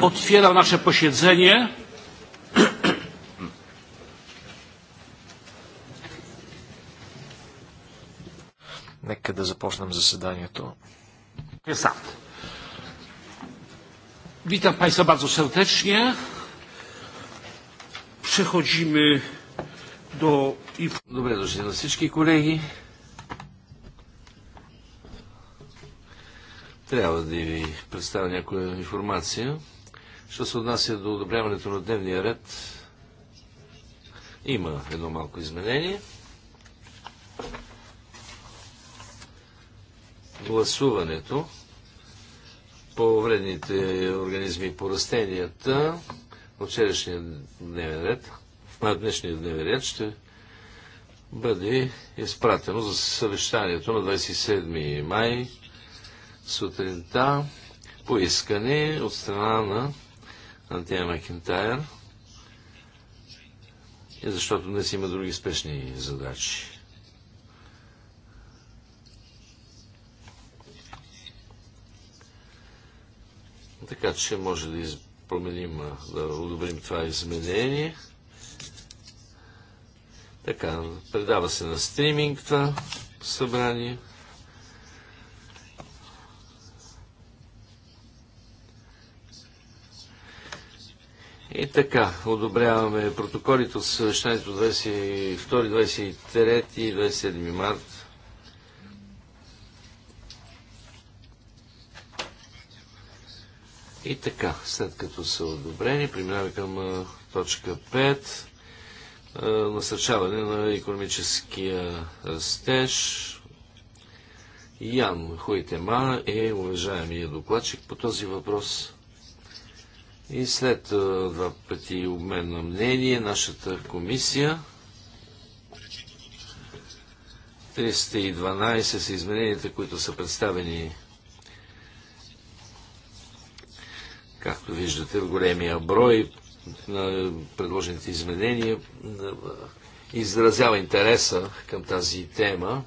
Otwieram nasze posiedzenie. Нека да започнем заседанието. Witam Państwa bardzo serdecznie. Przechodzimy do... Dobre do wszystkich kolegów. Трябва да ви представя някоя информация. Що се отнася до одобряването на дневния ред, има едно малко изменение. Гласуването по вредните организми по растенията от вчерашния дневен ред, на днешния дневен ред ще бъде изпратено за съвещанието на 27 май сутринта поискане от страна на Антия Макентайр, защото днес има други спешни задачи. Така че може да променим, да одобрим това изменение. Така, предава се на стриминг това събрание. И така, одобряваме протоколите от съвещанието 22, 23 и 27 март. И така, след като са одобрени, преминаваме към точка 5. Насърчаване на економическия растеж. Ян Хуитема е уважаемия докладчик по този въпрос. И след два пъти обмен на мнение, нашата комисия 312 са измененията, които са представени както виждате в големия брой на предложените изменения изразява интереса към тази тема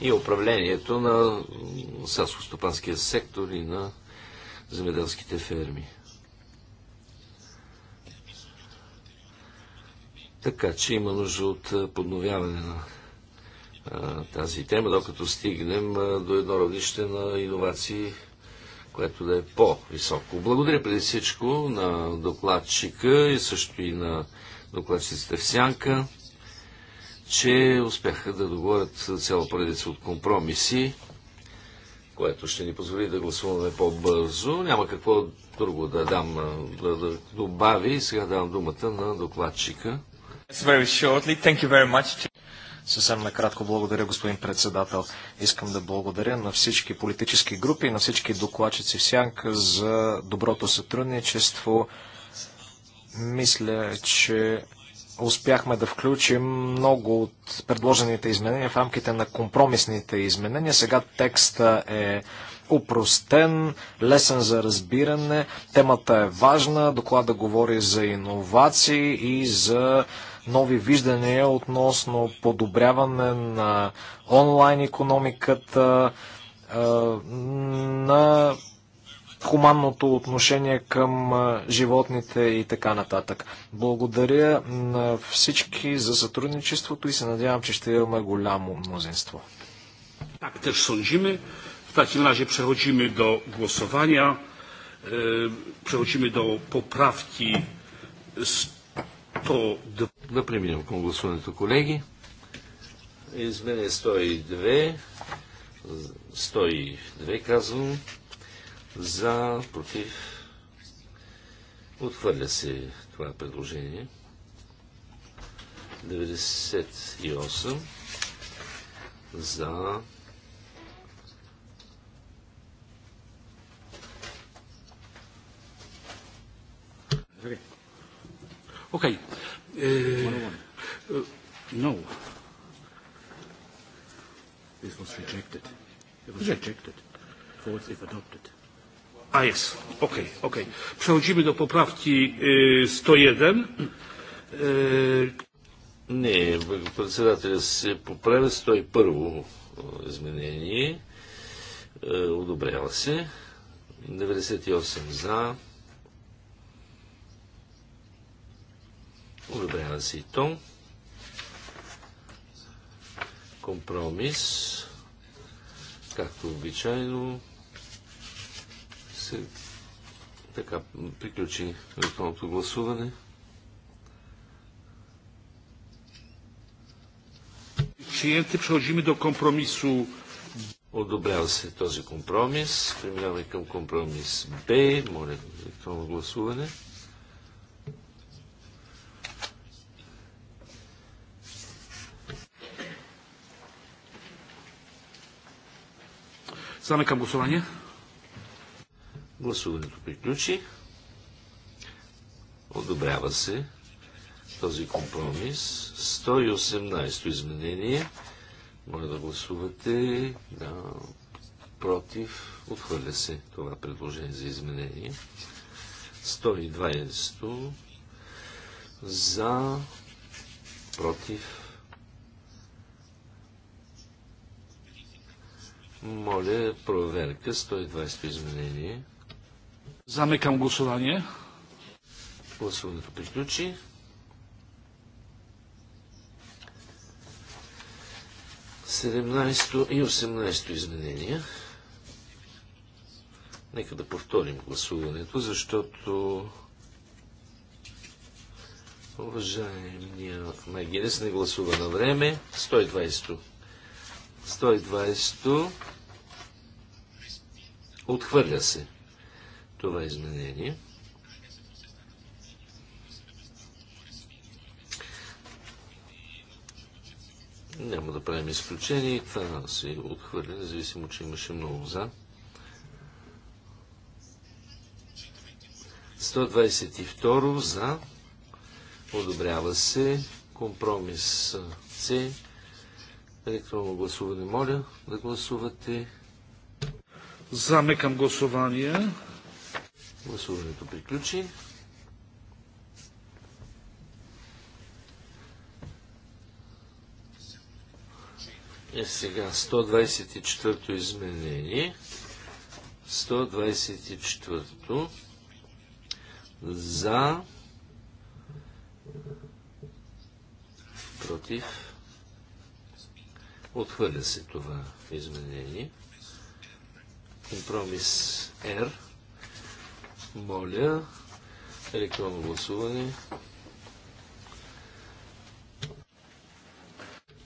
и управлението на селско-стопанския сектор и на земеделските ферми. Така че има нужда от подновяване на а, тази тема, докато стигнем а, до едно родище на иновации, което да е по-високо. Благодаря преди всичко на докладчика и също и на докладчиците в Сянка, че успяха да договорят цяло поредица от компромиси което ще ни позволи да гласуваме по-бързо. Няма какво друго да дам, да, да добави. Сега давам думата на докладчика. Съвсем накратко благодаря, господин председател. Искам да благодаря на всички политически групи на всички докладчици в Сянка за доброто сътрудничество. Мисля, че успяхме да включим много от предложените изменения в рамките на компромисните изменения. Сега текста е упростен, лесен за разбиране, темата е важна, доклада говори за иновации и за нови виждания относно подобряване на онлайн економиката, на хуманното отношение към животните и така нататък. Благодаря на всички за сътрудничеството и се надявам, че ще имаме голямо мнозинство. Так też sądzimy. W takim razie przechodzimy do głosowania. E, przechodzimy do poprawki 102. Да преминем към гласуването, колеги. Измене 102. 102 казвам. За, против. Отхвърля се това предложение. 98 за Окей. Okay. Uh, no. This was rejected. It was rejected. Fourth, if adopted. A jest, okej, okej. Przechodzimy do poprawki 101. Не, председателя се поправя първо е, изменение. Е, одобрява се. 98 за. Удобрява се и то. Компромис. Както обичайно се. Така, приключи електронното гласуване. Приемте, przechodzimy до компромису. Одобрява се този компромис. Преминаваме към компромис Б. Моля електронно гласуване. Стана към гласуване. Гласуването приключи. Одобрява се този компромис. 118 изменение. Моля да гласувате. Да, против. Отхвърля се това предложение за изменение. 120 за против. Моля проверка 120 изменение. Замекам гласование. Гласуването приключи. Седемнайсто и 18 изменения. Нека да повторим гласуването, защото уважаемия Магинес не гласува на време. 120. 120. Отхвърля се това изменение. Няма да правим изключение. и Това се отхвърля, независимо, че имаше много за. 122 за. Одобрява се. Компромис С. Електронно гласуване. Моля да гласувате. Замекам гласование. Гласуването приключи. Е сега 124-то изменение. 124-то за против отхвърля се това изменение. Компромис R моля, електронно гласуване.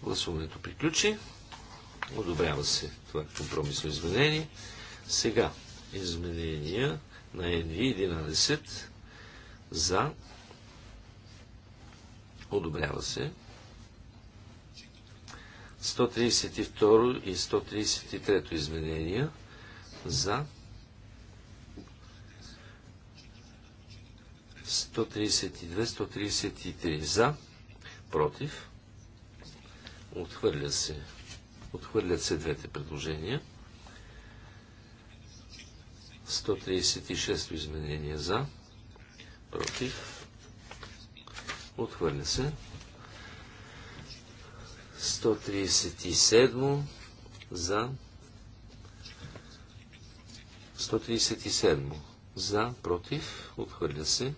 Гласуването приключи. Одобрява се това компромисно изменение. Сега изменения на NV11 за одобрява се 132 и 133 изменения за 132-133 за, против. Отхвърля се. Отхвърлят се двете предложения. 136 изменение за, против. Отхвърля се. 137 за 137 за, против, отхвърля се.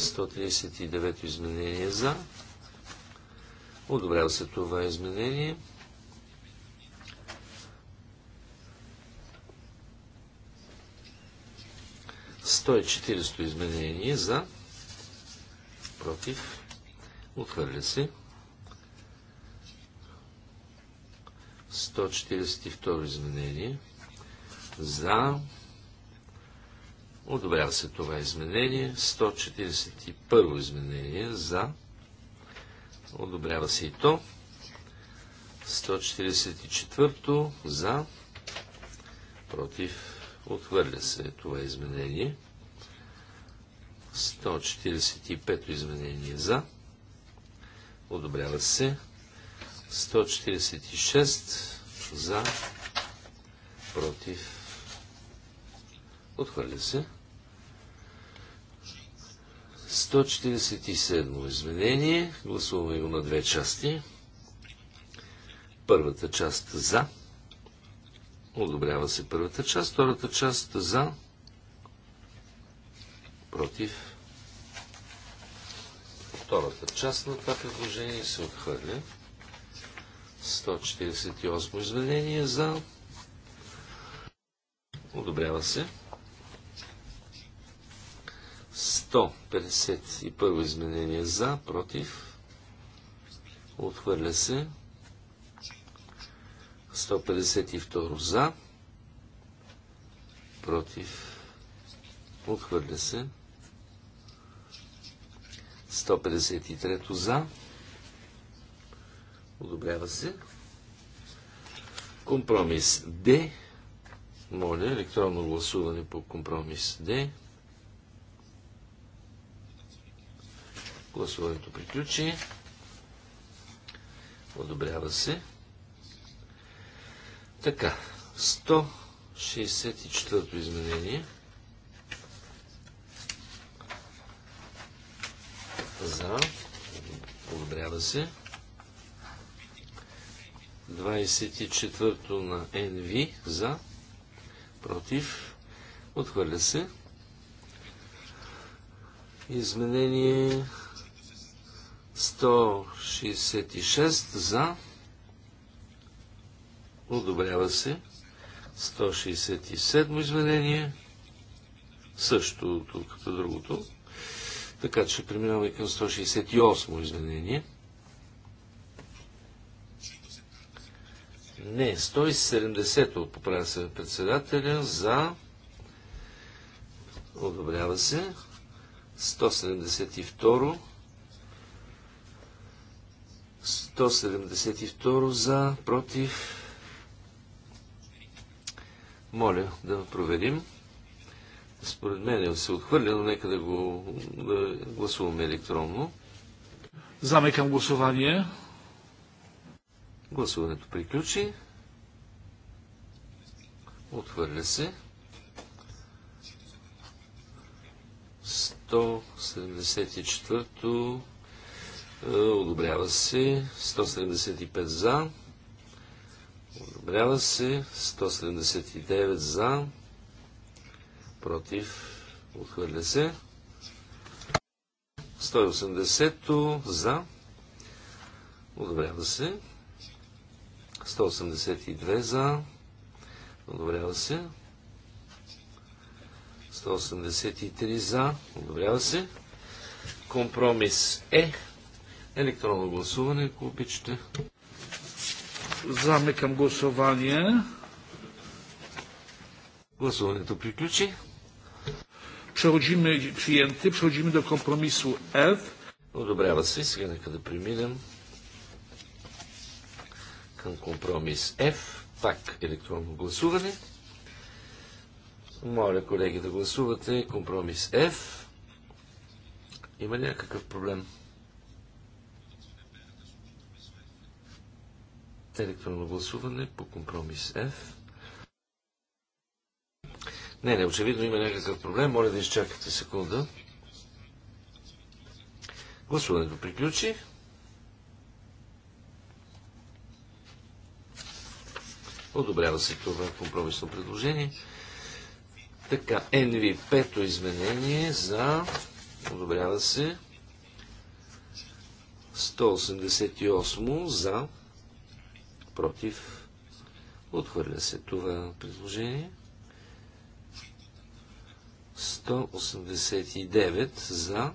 139 изменение за. Одобрява се това изменение. Сто и изменение за. Против. Отхвърля се. 142 изменение. За. Одобрява се това изменение. 141 изменение за. Одобрява се и то. 144 за. Против. Отхвърля се това изменение. 145 изменение за. Одобрява се. 146 за. Против. Отхвърля се. 147 изменение. Гласуваме го на две части. Първата част за. Одобрява се първата част. Втората част за. Против. Втората част на това предложение се отхвърля. 148 изменение за. Одобрява се. 151 изменение за, против, отхвърля се. 152 за, против, отхвърля се. 153 за, одобрява се. Компромис Д. Моля, електронно гласуване по компромис Д. Гласуването приключи. Одобрява се. Така, 164-то изменение. За. Одобрява се. 24-то на НВ. За. Против. Отхвърля се. Изменение 166 за. Одобрява се. 167 изменение. Също тук като другото. Така че преминаваме към 168 изменение. Не, 170-то поправя се председателя за одобрява се 172 172 за, против. Моля да проверим. Според мен е- се отхвърля, но нека да го да гласуваме електронно. Замекам гласование. Гласуването приключи. Отхвърля се. 174-то е, одобрява се. 175 за. Одобрява се. 179 за. Против. Отхвърля се. 180 за. Одобрява се. 182 за. Одобрява се. 183 за. Одобрява се. Компромис е Електронно гласуване, ако обичате. към гласование. Гласуването приключи. Przechodzimy, przyjęty, przechodzimy до kompromisu F. Одобрява се. Сега нека да преминем към компромис F. Пак електронно гласуване. Моля, колеги, да гласувате компромис F. Има някакъв проблем? електронно гласуване по компромис F. Не, не, очевидно има някакъв проблем. Моля да изчакате секунда. Гласуването приключи. Одобрява се това компромисно предложение. Така, nv 5 изменение за... Одобрява се. 188 за против, отхвърля се това предложение. 189 за.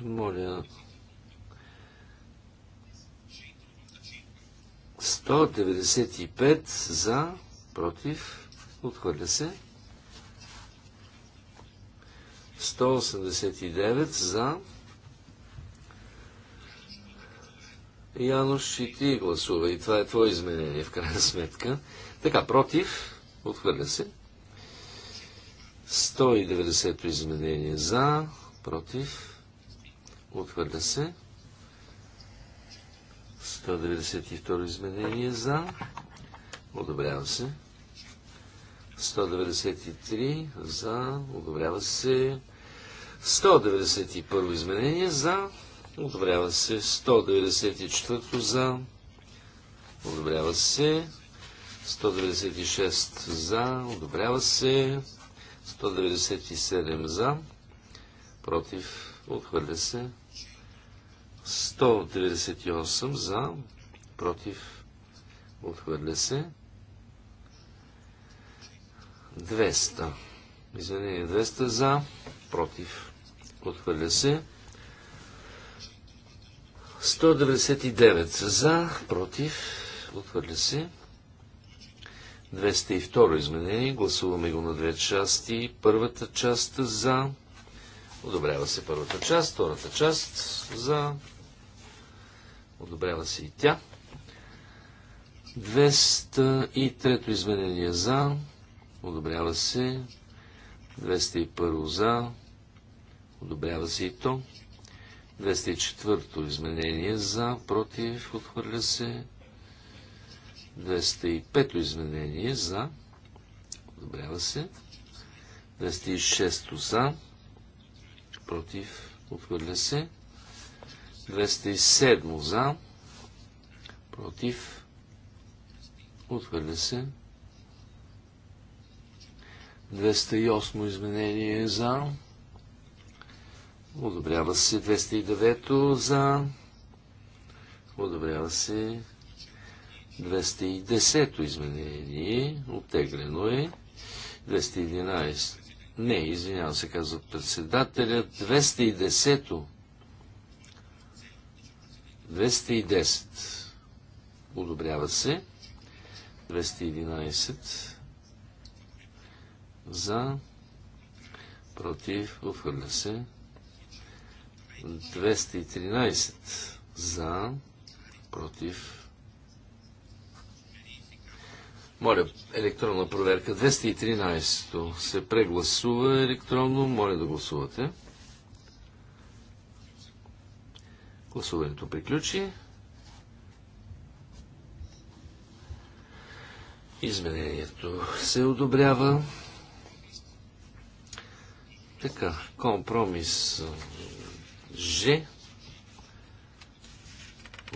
Моля. 195 за, против, отхвърля се. 189 за, Янош и ти гласува. И това е твое изменение, в крайна сметка. Така, против. Отхвърля се. 190 изменение за. Против. Отхвърля се. 192 изменение за. Одобрява се. 193 за. Одобрява се. 191 изменение за. Одобрява се 194 за. Одобрява се 196 за. Одобрява се 197 за. Против. Отхвърля се 198 за. Против. Отхвърля се 200. Извинение 200 за. Против. Отхвърля се 199 за, против, отхвърля се. 202 изменение. Гласуваме го на две части. Първата част за. Одобрява се първата част. Втората част за. Одобрява се и тя. 203 изменение за. Одобрява се. 201 за. Одобрява се и то. 204-то изменение за, против, отхвърля се. 205-то изменение за, одобрява се. 206-то за, против, отхвърля се. 207 за, против, отхвърля се. 208 изменение за, Одобрява се 209 за. Одобрява се 210 изменение. Оттеглено е. 211. Не, извинявам се, казва председателя. 210. 210. Одобрява се. 211 за, против, отхвърля се. 213 за, против. Моля, електронна проверка. 213 то се прегласува електронно. Моля да гласувате. Гласуването приключи. Изменението се одобрява. Така, компромис Ж.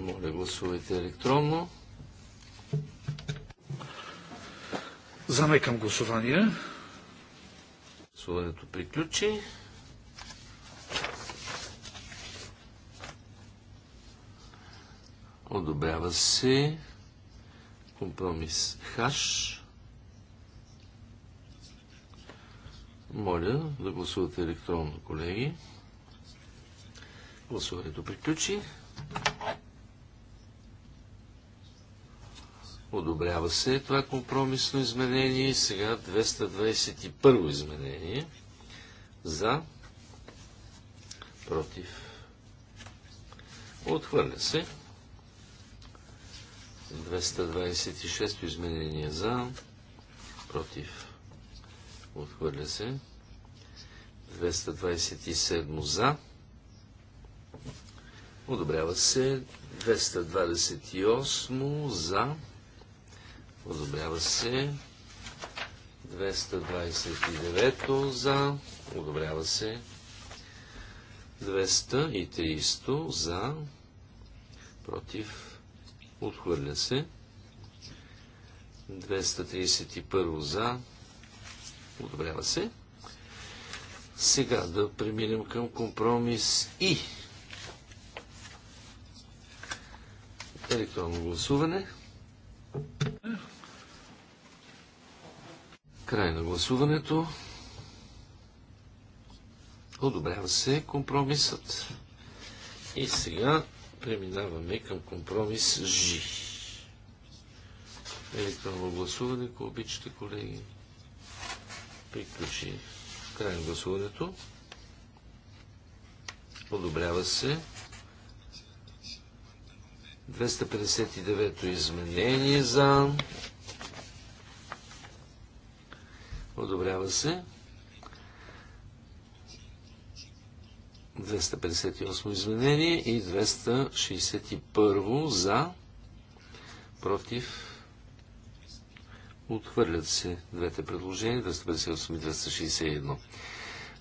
Моля, гласувайте електронно. Замекам гласование. Гласуването приключи. Одобрява се компромис ХАШ. Моля да гласувате електронно, колеги. Гласуването приключи. Одобрява се това компромисно изменение. Сега 221 изменение. За. Против. Отхвърля се. 226 изменение за. Против. Отхвърля се. 227 за. Одобрява се 228 за. Одобрява се 229 за. Одобрява се 230 за. Против. Отхвърля се. 231 за. Одобрява се. Сега да преминем към компромис и Електронно гласуване. Край на гласуването. Одобрява се компромисът. И сега преминаваме към компромис Ж. Електронно гласуване, ако обичате, колеги. Приключи. Край на гласуването. Одобрява се 259-то изменение за. Одобрява се. 258 изменение и 261 за. Против. Отхвърлят се двете предложения, 258 и 261.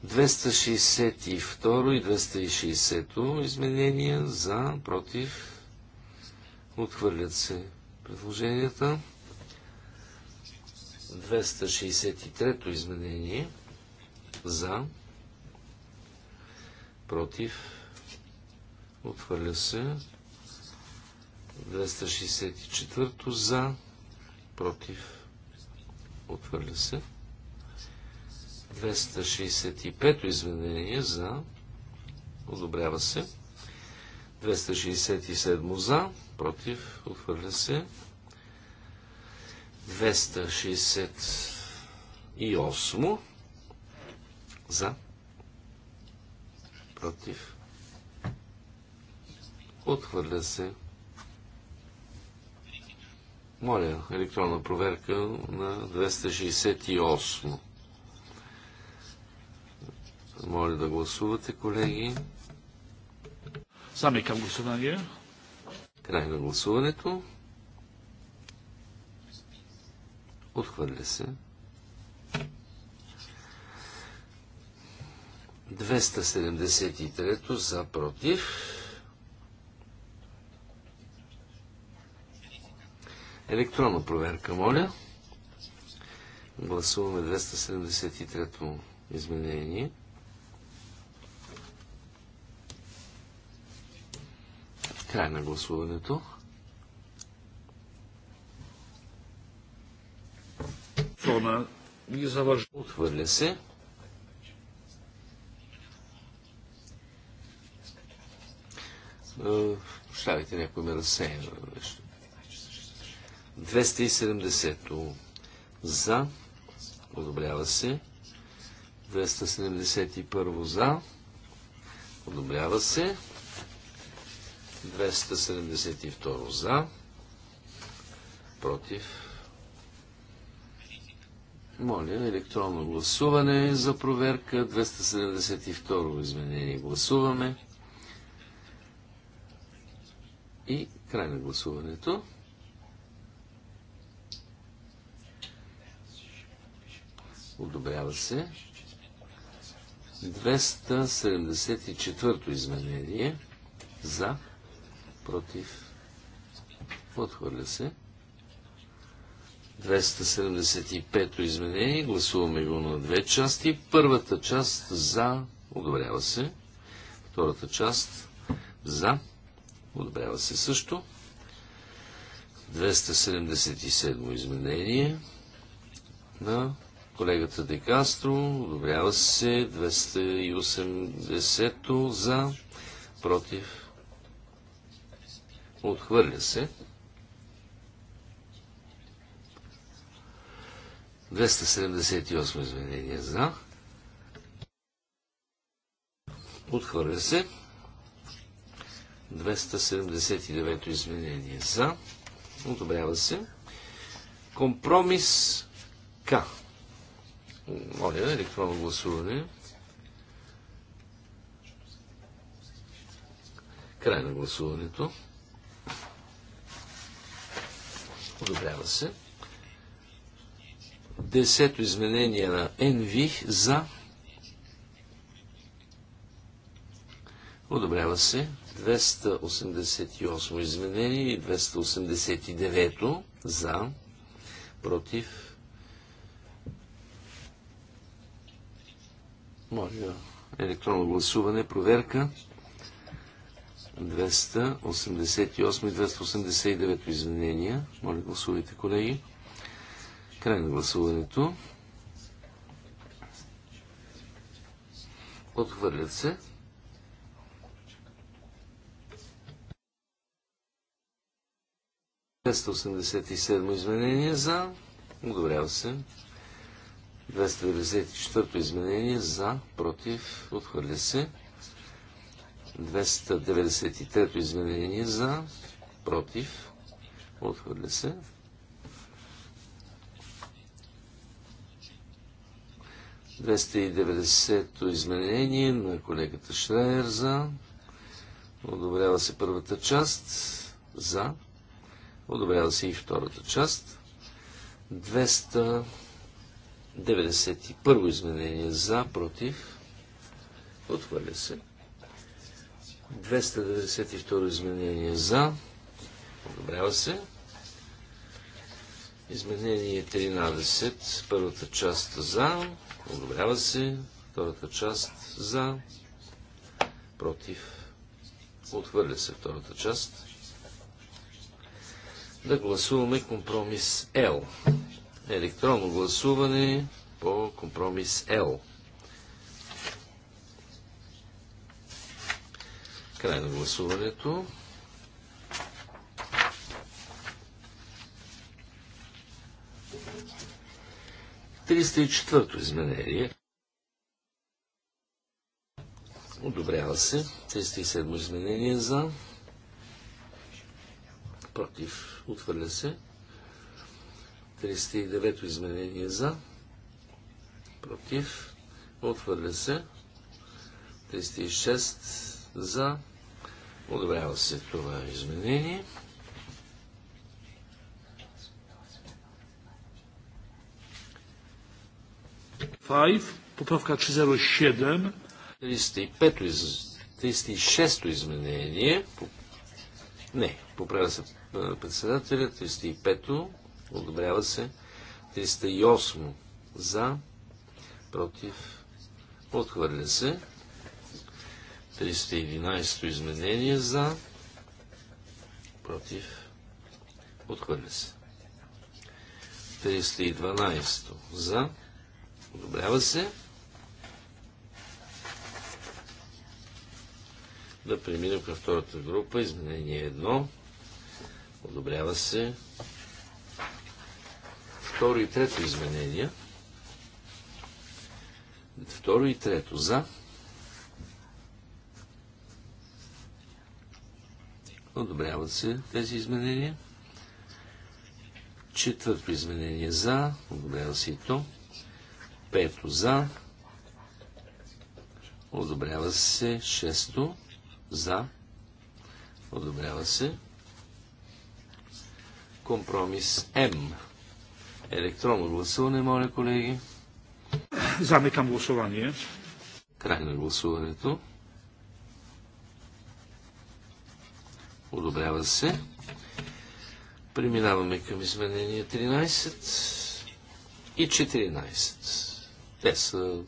262 и 260 изменения за, против, Отхвърлят се предложенията. 263-то изменение за против отхвърля се 264-то за против отхвърля се 265-то изменение за одобрява се 267 за, против, отхвърля се. 268 за, против, отхвърля се. Моля, електронна проверка на 268. Моля да гласувате, колеги. Замикам гласуване. Край на гласуването. Отхвърля се. 273 за против. Електронна проверка, моля. Гласуваме 273-то изменение. Край на гласуването. Фона ги завържа. Отхвърля се. Е, прощавайте, някой ме разсея 270 за. Одобрява се. 271 за. Одобрява се. 272 за, против. Моля, електронно гласуване за проверка. 272 изменение гласуваме. И край на гласуването. Одобрява се. 274 изменение за против, отхвърля се. 275-то изменение, гласуваме го на две части. Първата част за, одобрява се. Втората част за, одобрява се също. 277 изменение на колегата Декастро. Одобрява се 280 за, против, Отхвърля се. 278 изменения за. Отхвърля се. 279 изменение за. Одобрява се. Компромис К. Моля, електронно гласуване. Край на гласуването. Одобрява се. Десето изменение на NV за. Одобрява се. 288 изменение и 289 за. Против. Моля електронно гласуване, проверка. 288 и 289 изменения. Моля, гласувайте, колеги. Край на гласуването. Отхвърлят се. ...287 изменение за... Одобрява се. 294 изменение за... Против. Отхвърля се. 293-то изменение за, против, отхвърля се. Двеста и изменение на колегата Шрайер за. Одобрява се първата част за. Одобрява се и втората част. 291 изменение за, против. Отхвърля се. 292 изменение за. Одобрява се. Изменение 13. Първата част за. Одобрява се. Втората част за. Против. Отхвърля се втората част. Да гласуваме компромис L. Електронно гласуване по компромис L. Край на гласуването. Триста и четвърто изменение. Одобрява се. 307 изменение за. Против. Отвърля се. 309 изменение за. Против. Отвърля се. 306 за. Одобрява се това изменение. Поправка 307. 35 36-то изменение. Не, поправя се председателя. 35-то. Одобрява се. 308 за. Против. Отхвърля се. 311 изменение за, против, отхвърля се. 312 за, одобрява се. Да преминем към втората група, изменение 1, одобрява се. Второ и трето изменение. Второ и трето за, Одобряват се тези изменения. Четвърто изменение за. Одобрява се и то. Пето за. Одобрява се. Шесто за. Одобрява се. Компромис М. Електронно гласуване, моля колеги. Замикам гласуване. Край на гласуването. Одобрява се. Преминаваме към изменения 13 и 14. Те са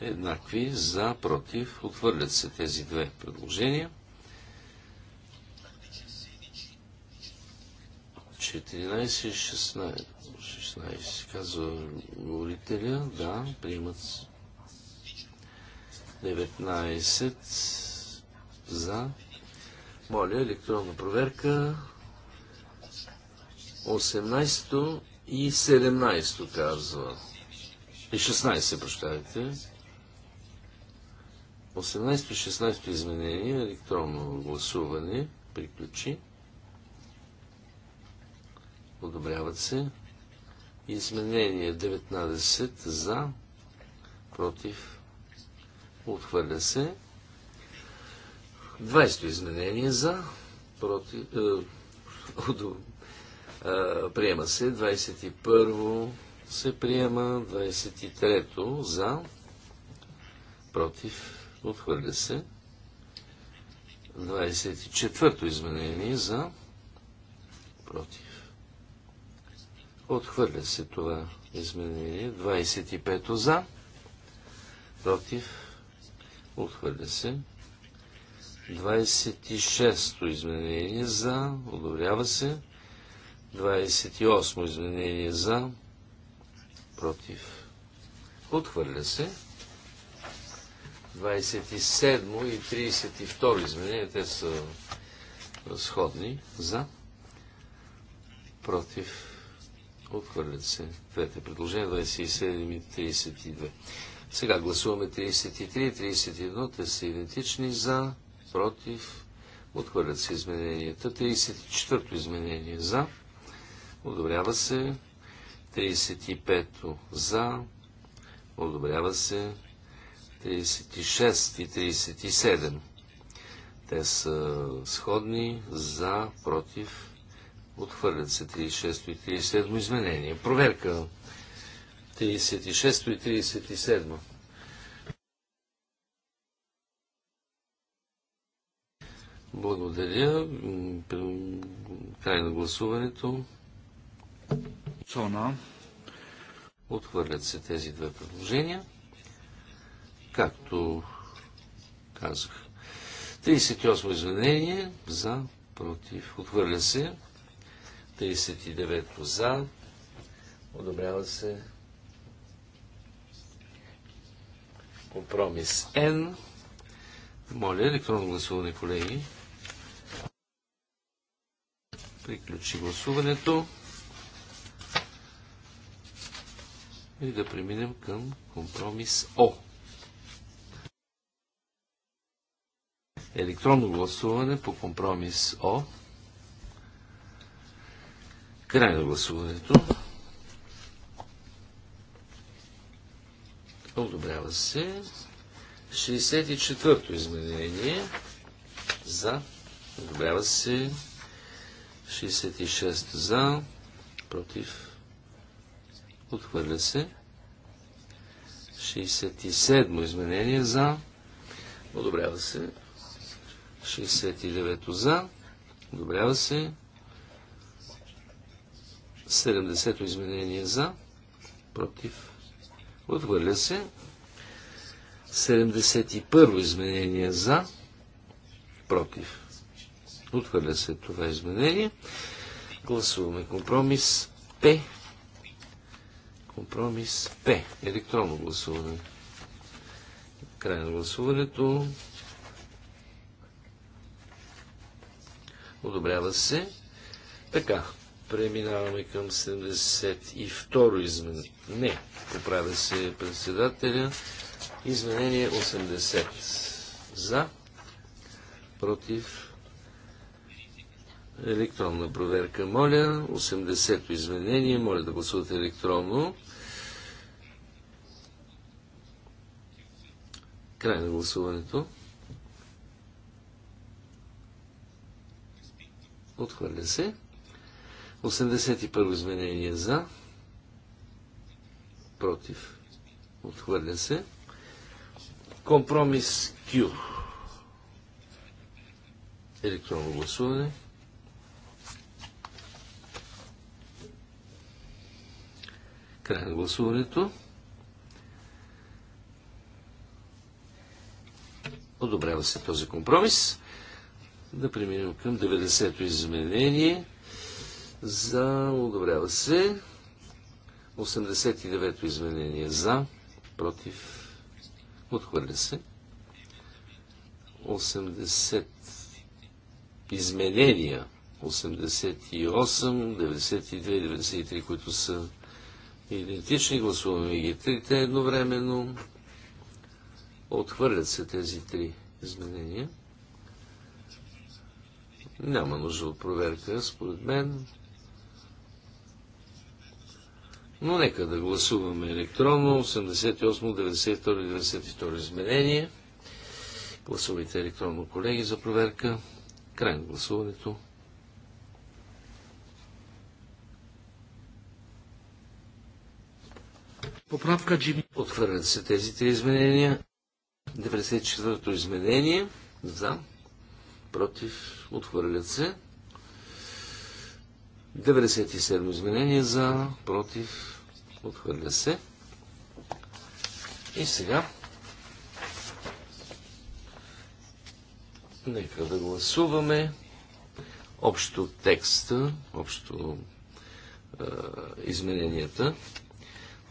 еднакви за, против. Отвърлят се тези две предложения. 14 и 16. 16 казва говорителя. Да, приемат 19 за, моля, електронна проверка. 18 и 17 казва. И 16, прощавайте. 18 и 16 изменение, електронно гласуване, приключи. Одобряват се. Изменение 19 за, против, отхвърля се. 20-то изменение за, против, э, е, е, приема се, 21-во се приема, 23-то за, против, отхвърля се, 24-то изменение за, против, отхвърля се това изменение, 25-то за, против, отхвърля се, 26-то изменение за, одобрява се. 28-то изменение за, против, отхвърля се. 27 и 32 изменение. те са сходни за, против, отхвърлят се двете предложения, 27 и 32. Сега гласуваме 33 и 31, те са идентични за, против, отхвърлят се измененията. 34-то изменение за, одобрява се. 35-то за, одобрява се. 36 и 37. Те са сходни за, против, отхвърлят се 36 и 37 изменение. Проверка 36 и 37. Благодаря. Край на гласуването. Цона. Отхвърлят се тези две предложения. Както казах. 38 изменение за, против, отхвърля се. 39 за, одобрява се компромис Н. Моля електронно гласуване, колеги приключи гласуването и да преминем към компромис О. Електронно гласуване по компромис О. Край на гласуването. Одобрява се. 64-то изменение за. Одобрява се. 66 за, против, отхвърля се. 67 изменение за, одобрява се. 69 за, одобрява се. 70 изменение за, против, отхвърля се. 71 изменение за, против, Отхвърля се това изменение. Гласуваме компромис П. Компромис П. Електронно гласуване. Край на гласуването. Одобрява се. Така, преминаваме към 72-ро изменение. Не, поправя се председателя. Изменение 80. За, против, Електронна проверка, моля. 80-то изменение, моля да гласувате електронно. Край на гласуването. Отхвърля се. 81 изменение за. Против. Отхвърля се. Компромис Q. Електронно гласуване. Край на гласуването. Одобрява се този компромис. Да преминем към 90-то изменение. За одобрява се. 89-то изменение за, против, отхвърля се. 80 изменения 88, 92 и 93, които са идентични, гласуваме ги трите едновременно. Отхвърлят се тези три изменения. Няма нужда от проверка, според мен. Но нека да гласуваме електронно 88, 92, 92 изменение. Гласувайте електронно, колеги, за проверка. Край на гласуването. Поправка Джим. Отхвърлят се тези три изменения. 94-то изменение. За. Против. Отхвърлят се. 97 изменение за, против, отхвърля се. И сега нека да гласуваме общо текста, общо е, измененията.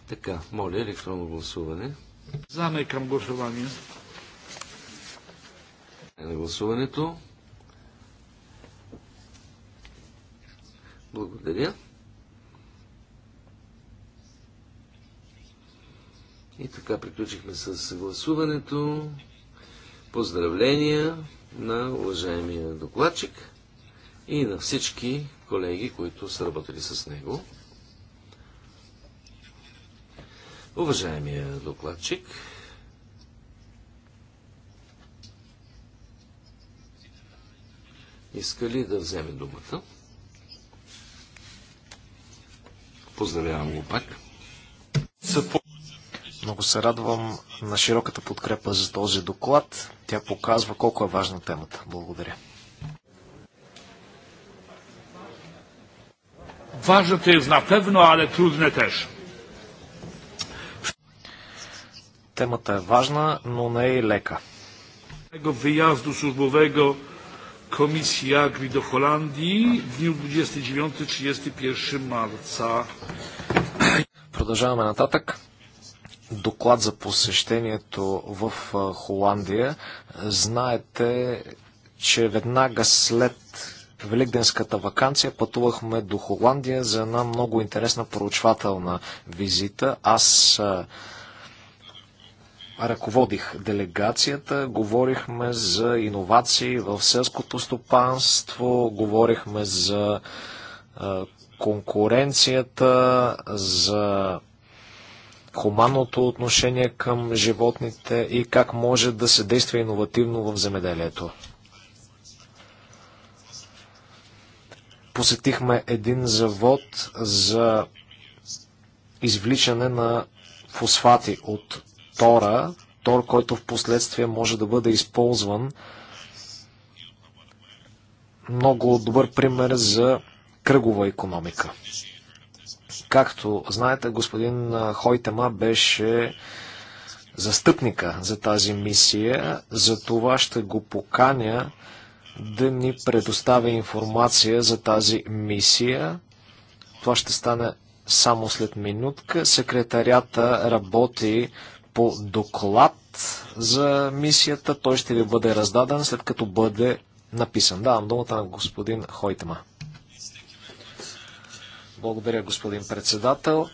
Така, моля, електронно гласуване. Заме към гласуване. Е на гласуването. Благодаря. И така приключихме с гласуването. Поздравления на уважаемия докладчик и на всички колеги, които са работили с него. Уважаемия докладчик, иска ли да вземе думата? Поздравявам го пак. Много се радвам на широката подкрепа за този доклад. Тя показва колко е важна темата. Благодаря. Важната е, jest але pewno, е trudne Темата е важна, но не е и лека. Wyjazdu службовего Komisji Agri до Холандии в 29-31 марта. Продължаваме нататък. Доклад за посещението в Холандия. Знаете, че веднага след Великденската вакансия пътувахме до Холандия за една много интересна проучвателна визита. Аз ръководих делегацията, говорихме за иновации в селското стопанство, говорихме за конкуренцията, за хуманното отношение към животните и как може да се действа иновативно в земеделието. Посетихме един завод за извличане на фосфати от тора, тор, който в последствие може да бъде използван. Много добър пример за кръгова економика. Както знаете, господин Хойтема беше застъпника за тази мисия, за това ще го поканя да ни предоставя информация за тази мисия. Това ще стане само след минутка. Секретарята работи по доклад за мисията. Той ще ви бъде раздаден след като бъде написан. Давам думата на господин Хойтема. Благодаря, господин председател.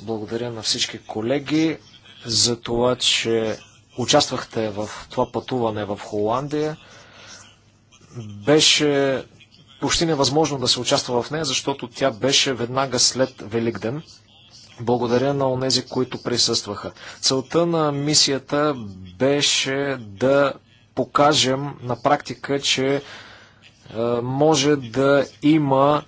Благодаря на всички колеги за това, че участвахте в това пътуване в Холандия. Беше почти невъзможно да се участва в нея, защото тя беше веднага след Великден. Благодаря на онези, които присъстваха. Целта на мисията беше да покажем на практика, че е, може да има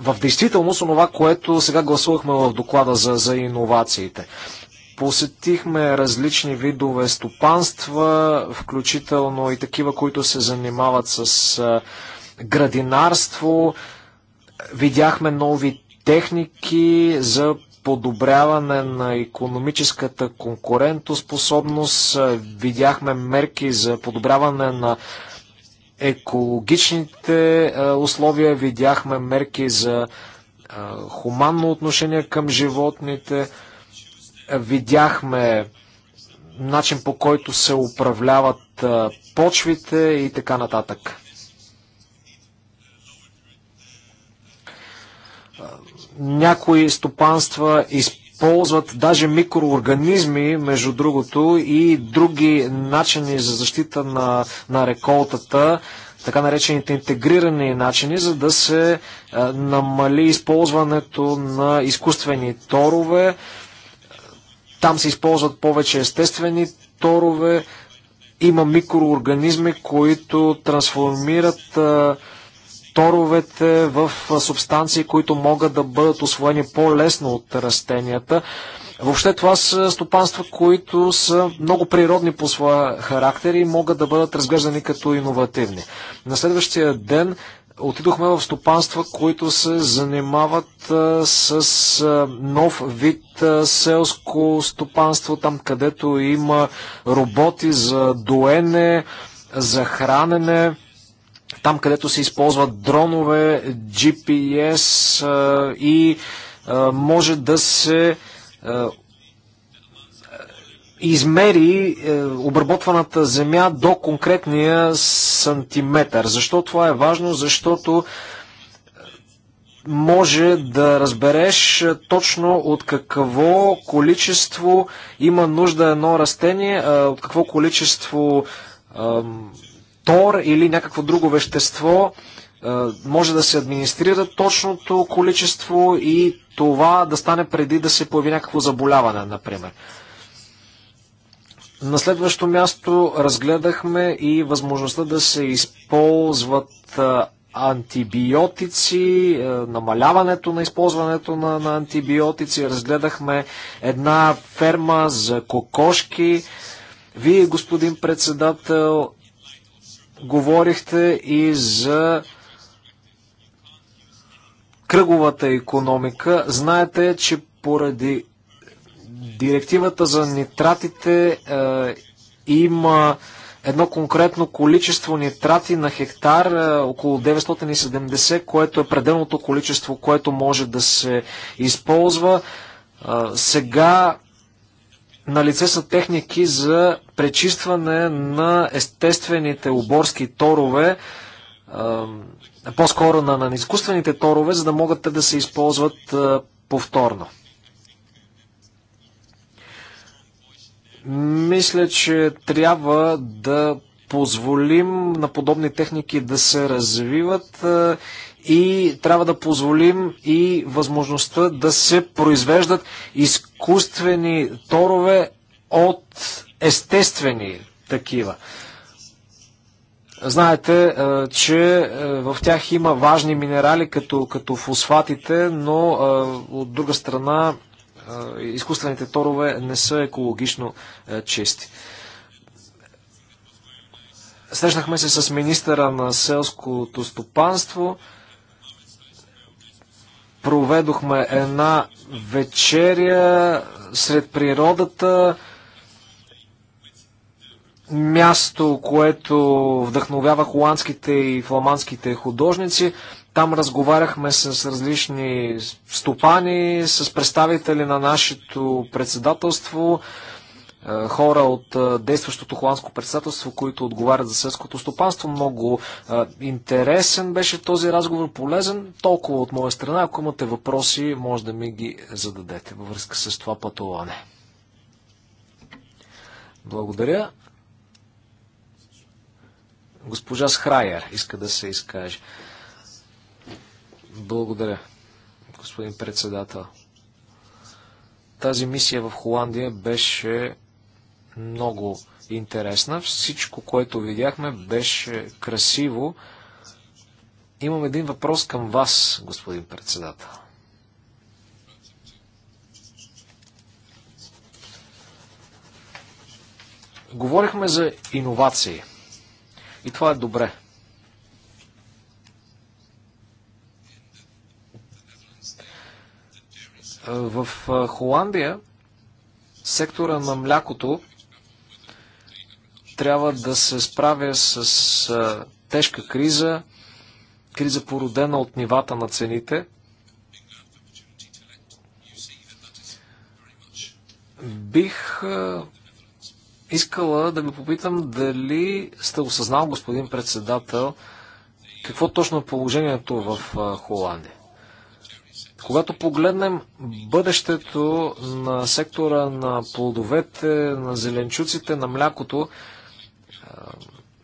в действителност онова, което сега гласувахме в доклада за, за иновациите. Посетихме различни видове стопанства, включително и такива, които се занимават с е, градинарство, Видяхме нови техники за подобряване на економическата конкурентоспособност, видяхме мерки за подобряване на екологичните е, условия, видяхме мерки за е, хуманно отношение към животните, видяхме начин по който се управляват е, почвите и така нататък. Някои стопанства използват даже микроорганизми, между другото, и други начини за защита на, на реколтата, така наречените интегрирани начини, за да се а, е, намали използването на изкуствени торове. Там се използват повече естествени торове. Има микроорганизми, които трансформират а, е, торовете в субстанции, които могат да бъдат освоени по-лесно от растенията. Въобще това са стопанства, които са много природни по своя характер и могат да бъдат разглеждани като иновативни. На следващия ден отидохме в стопанства, които се занимават а, с а, нов вид а, селско стопанство, там където има роботи за доене, за хранене там където се използват дронове, GPS и може да се измери е, обработваната земя до конкретния сантиметър. Защо това е важно? Защото може да разбереш е, точно от какво количество има нужда едно растение, е, от какво количество тор или някакво друго вещество, е, може да се администрира точното количество и това да стане преди да се появи някакво заболяване, например. На следващо място разгледахме и възможността да се използват е, антибиотици, е, намаляването на използването на, на антибиотици. Разгледахме една ферма за кокошки. Вие, господин председател, Говорихте и за кръговата економика. Знаете, че поради директивата за нитратите е, има едно конкретно количество нитрати на хектар, е, около 970, което е пределното количество, което може да се използва. Е, сега на лице са техники за пречистване на естествените оборски торове, по-скоро на, на изкуствените торове, за да могат те да се използват повторно. Мисля, че трябва да позволим на подобни техники да се развиват и трябва да позволим и възможността да се произвеждат изкуствени торове от естествени такива. Знаете, е, че е, в тях има важни минерали, като, като фосфатите, но е, от друга страна изкуствените торове не са екологично чисти. Срещнахме се с министъра на селското стопанство. Проведохме една вечеря сред природата място, което вдъхновява холандските и фламандските художници. Там разговаряхме с различни стопани, с представители на нашето председателство, е, хора от е, действащото холандско председателство, които отговарят за селското стопанство. Много е, интересен беше този разговор, полезен. Толкова от моя страна. Ако имате въпроси, може да ми ги зададете във връзка с това пътуване. Благодаря. Госпожа Схрайер иска да се изкаже. Благодаря, господин председател. Тази мисия в Холандия беше много интересна. Всичко, което видяхме, беше красиво. Имам един въпрос към вас, господин председател. Говорихме за иновации – и това е добре. В Холандия сектора на млякото трябва да се справя с тежка криза, криза породена от нивата на цените. Бих искала да го попитам дали сте осъзнал, господин председател, какво точно е положението в Холандия. Когато погледнем бъдещето на сектора на плодовете, на зеленчуците, на млякото,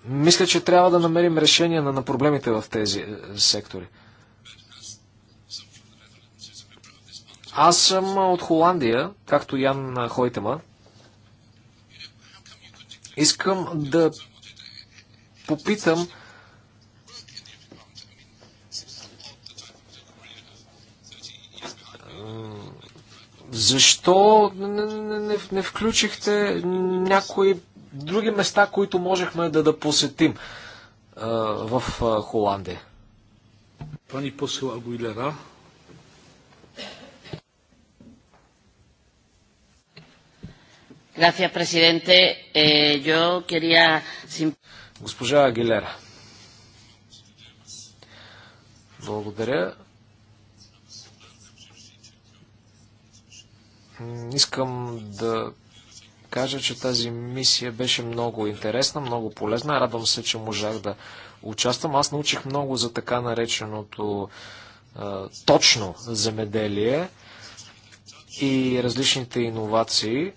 мисля, че трябва да намерим решение на, проблемите в тези е, сектори. Аз съм от Холандия, както Ян Хойтема. Искам да попитам защо не, не, не включихте някои други места, които можехме да, да посетим а, в а, Холандия? Пани посел Агуилера. Gracias, presidente. Eh, yo quería... Госпожа Агилера. Благодаря. Искам да кажа, че тази мисия беше много интересна, много полезна. Радвам се, че можах да участвам. Аз научих много за така нареченото е, точно земеделие и различните иновации.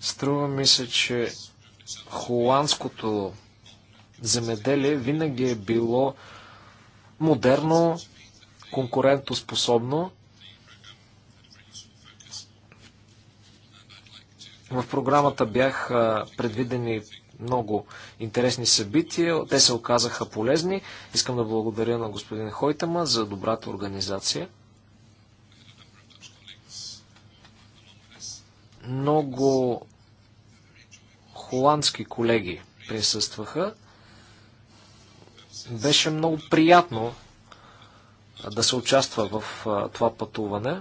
Струва ми се, че холандското земеделие винаги е било модерно, конкурентоспособно. В програмата бяха предвидени много интересни събития. Те се оказаха полезни. Искам да благодаря на господин Хойтема за добрата организация. Много холандски колеги присъстваха. Беше много приятно да се участва в това пътуване.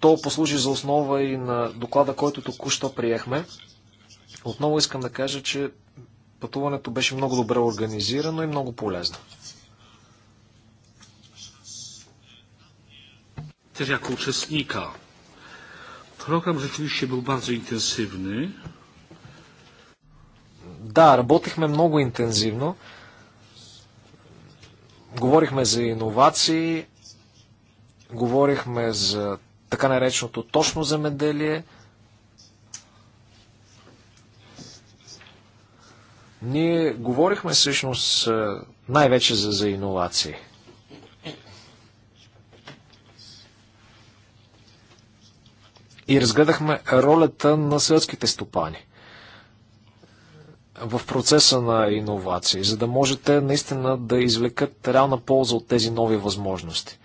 То послужи за основа и на доклада, който току-що приехме. Отново искам да кажа, че пътуването беше много добре организирано и много полезно. Też jako участника. Program rzeczywiście był bardzo intensywny. Да, работихме много интензивно. Говорихме за иновации, говорихме за така нареченото точно земеделие. Ние говорихме всъщност най-вече за, за иновации. и разгледахме ролята на селските стопани в процеса на иновации, за да можете наистина да извлекат реална полза от тези нови възможности.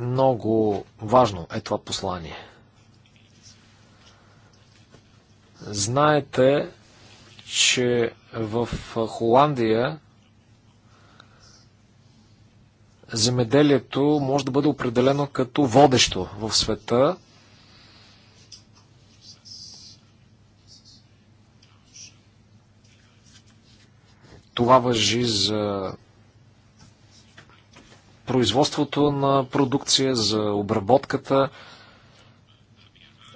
Много важно е това послание. Знаете, че в Холандия земеделието може да бъде определено като водещо в света. Това въжи за производството на продукция, за обработката.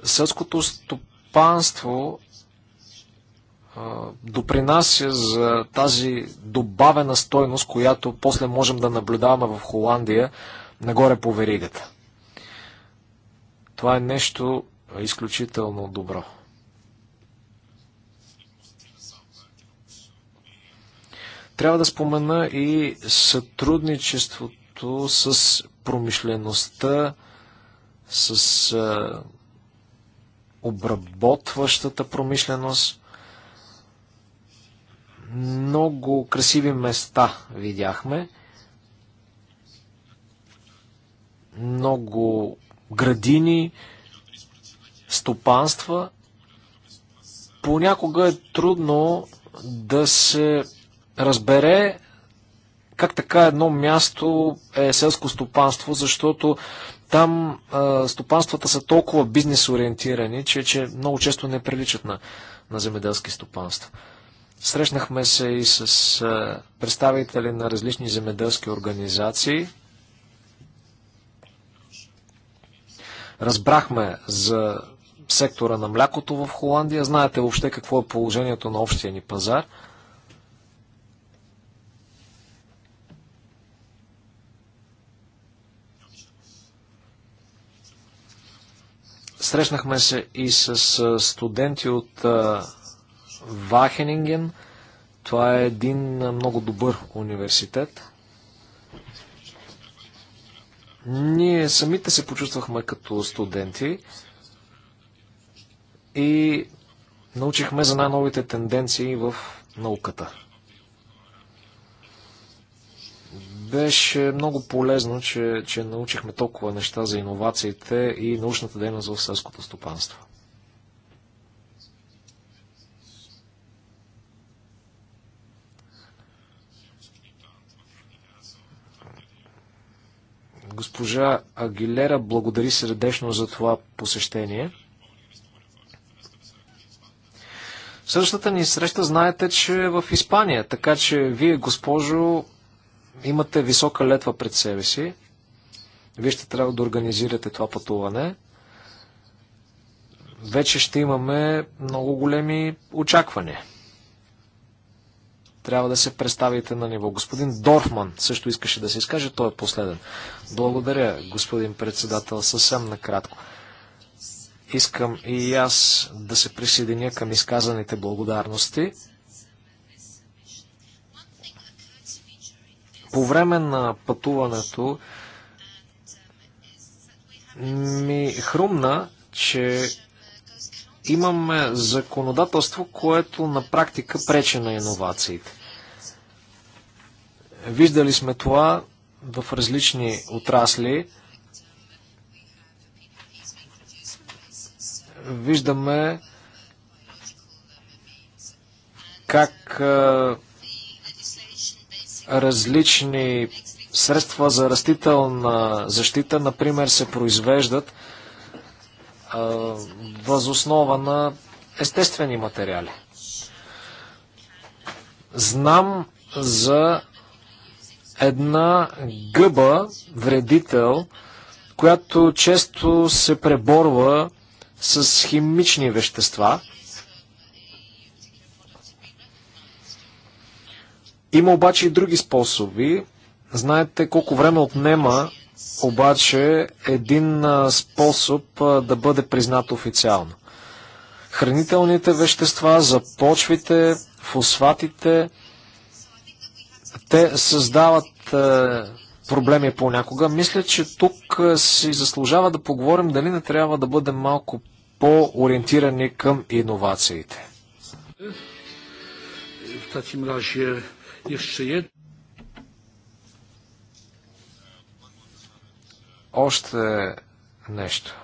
Сълското стопанство допринася за тази добавена стойност, която после можем да наблюдаваме в Холандия нагоре по веригата. Това е нещо изключително добро. Трябва да спомена и сътрудничеството с промишлеността, с обработващата промишленост. Много красиви места видяхме. Много градини, стопанства. Понякога е трудно да се разбере как така едно място е селско стопанство, защото там а, стопанствата са толкова бизнес ориентирани, че, че много често не приличат на, на земеделски стопанства. Срещнахме се и с представители на различни земеделски организации. Разбрахме за сектора на млякото в Холандия. Знаете въобще какво е положението на общия ни пазар. Срещнахме се и с студенти от Вахенинген. Това е един много добър университет. Ние самите се почувствахме като студенти и научихме за най-новите тенденции в науката. Беше много полезно, че, че научихме толкова неща за иновациите и научната дейност в селското стопанство. Госпожа Агилера благодари сърдечно за това посещение. Същата ни среща знаете, че е в Испания, така че вие, госпожо, имате висока летва пред себе си. Вие ще трябва да организирате това пътуване. Вече ще имаме много големи очаквания трябва да се представите на ниво. Господин Дорфман също искаше да се изкаже, той е последен. Благодаря, господин председател, съвсем накратко. Искам и аз да се присъединя към изказаните благодарности. По време на пътуването ми хрумна, че имаме законодателство, което на практика пречи на иновациите. Виждали сме това в различни отрасли. Виждаме как различни средства за растителна защита, например, се произвеждат – възоснова на естествени материали. Знам за една гъба, вредител, която често се преборва с химични вещества. Има обаче и други способи. Знаете колко време отнема обаче един способ да бъде признат официално. Хранителните вещества, започвите, фосфатите, те създават проблеми понякога. Мисля, че тук си заслужава да поговорим дали не трябва да бъдем малко по-ориентирани към иновациите. В таким разе, еще едно. Още нещо.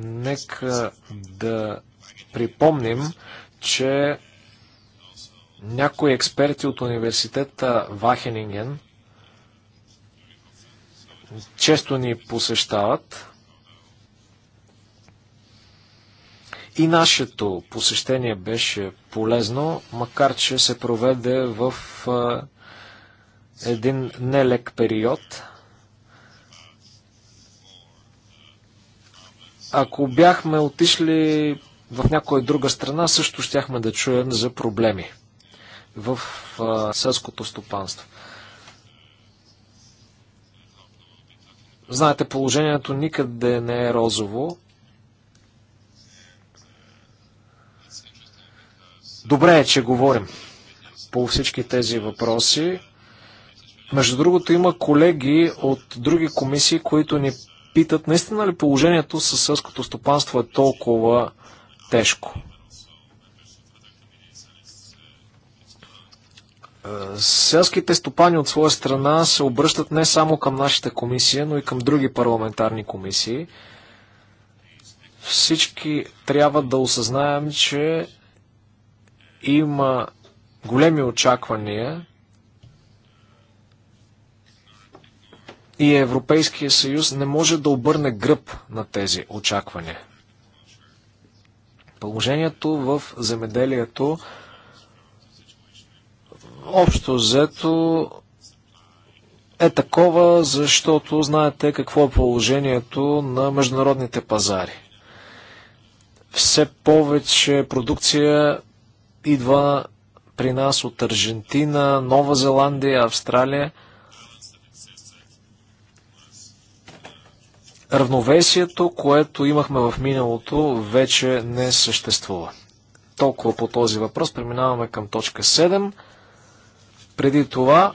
Нека да припомним, че някои експерти от университета Вахенинген често ни посещават И нашето посещение беше полезно, макар че се проведе в един нелек период. Ако бяхме отишли в някоя друга страна, също щяхме да чуем за проблеми в селското стопанство. Знаете, положението никъде не е розово. Добре е, че говорим по всички тези въпроси. Между другото, има колеги от други комисии, които ни питат, наистина ли положението с сълското стопанство е толкова тежко? Е, селските стопани от своя страна се обръщат не само към нашата комисия, но и към други парламентарни комисии. Всички трябва да осъзнаем, че има големи очаквания и Европейския съюз не може да обърне гръб на тези очаквания. Положението в земеделието общо взето е такова, защото знаете какво е положението на международните пазари. Все повече продукция идва при нас от Аржентина, Нова Зеландия, Австралия. Равновесието, което имахме в миналото, вече не съществува. Толкова по този въпрос. Преминаваме към точка 7. Преди това,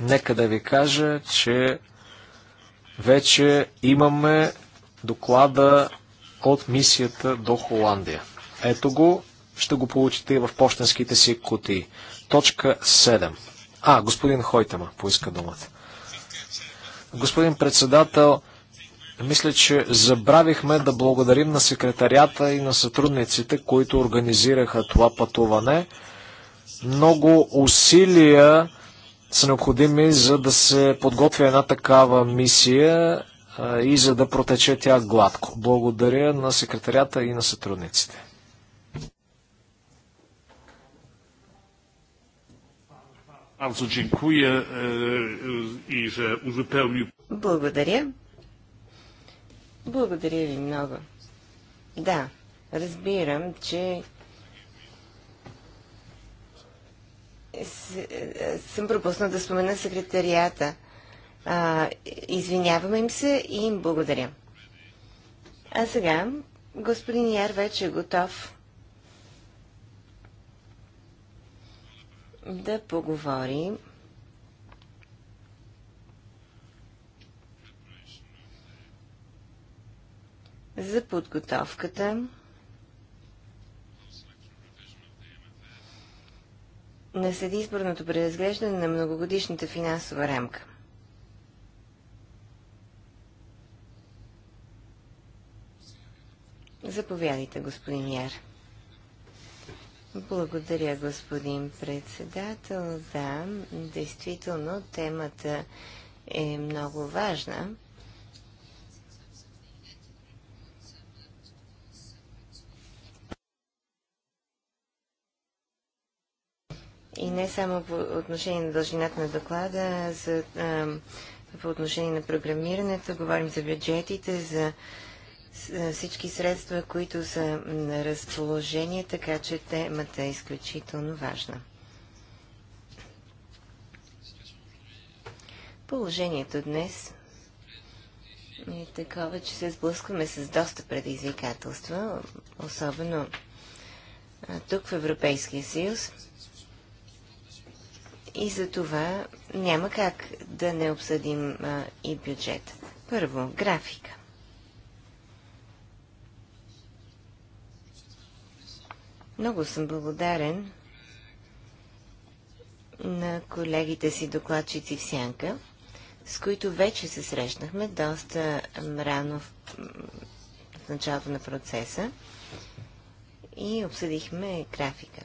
нека да ви кажа, че вече имаме доклада от мисията до Холандия. Ето го, ще го получите и в почтенските си кутии. Точка 7. А, господин Хойтема поиска думата. Господин председател, мисля, че забравихме да благодарим на секретарията и на сътрудниците, които организираха това пътуване. Много усилия са необходими, за да се подготвя една такава мисия и за да протече тя гладко. Благодаря на секретарята и на сътрудниците. E, e, благодаря. Благодаря ви много. Да, разбирам, че С... съм пропуснал да спомена секретарията. А, извиняваме им се и им благодаря. А сега господин Яр вече е готов да поговорим за подготовката на следизборното преразглеждане на многогодишната финансова рамка. Заповядайте, господин Яр. Благодаря, господин председател. Да, действително темата е много важна. И не само по отношение на дължината на доклада, за, а, по отношение на програмирането, говорим за бюджетите, за е, всички средства, които са на разположение, така че темата е изключително важна. Положението днес е такова, че се сблъскваме с доста предизвикателства, особено тук в Европейския съюз. И за това няма как да не обсъдим и бюджет. Първо, графика. Много съм благодарен на колегите си докладчици в Сянка, с които вече се срещнахме доста рано в, в началото на процеса и обсъдихме графика.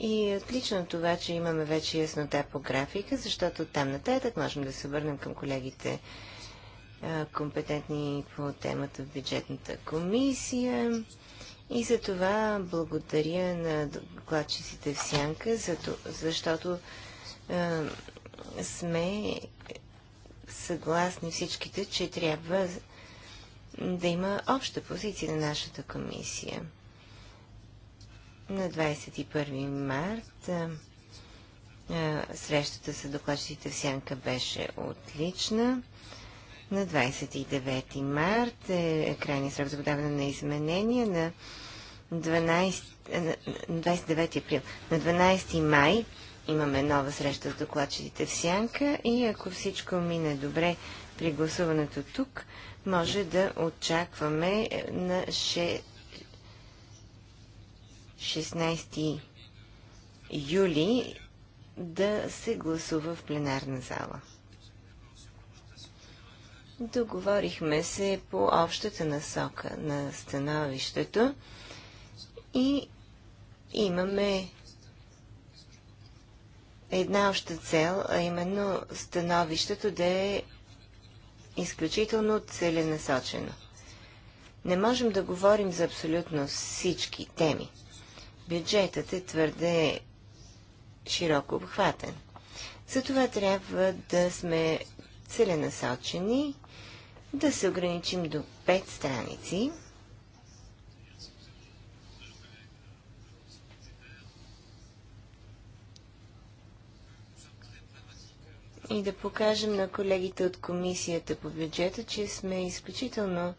И отлично това, че имаме вече яснота по графика, защото там нататък можем да се върнем към колегите компетентни по темата в бюджетната комисия. И за това благодаря на докладчиците в Сянка, защото сме съгласни всичките, че трябва да има обща позиция на нашата комисия. На 21 март срещата с докладчиците в Сянка беше отлична. На 29 март е крайният срок за подаване на изменения на 12, 29 е, април. На 12 май имаме нова среща с докладчиците в Сянка и ако всичко мине добре при гласуването тук, може да очакваме е, на 16 юли да се гласува в пленарна зала. Договорихме се по общата насока на становището и имаме една обща цел, а именно становището да е изключително целенасочено. Не можем да говорим за абсолютно всички теми. Бюджетът е твърде широко обхватен. Затова трябва да сме целенасочени да се ограничим до 5 страници. И да покажем на колегите от комисията по бюджета, че сме изключително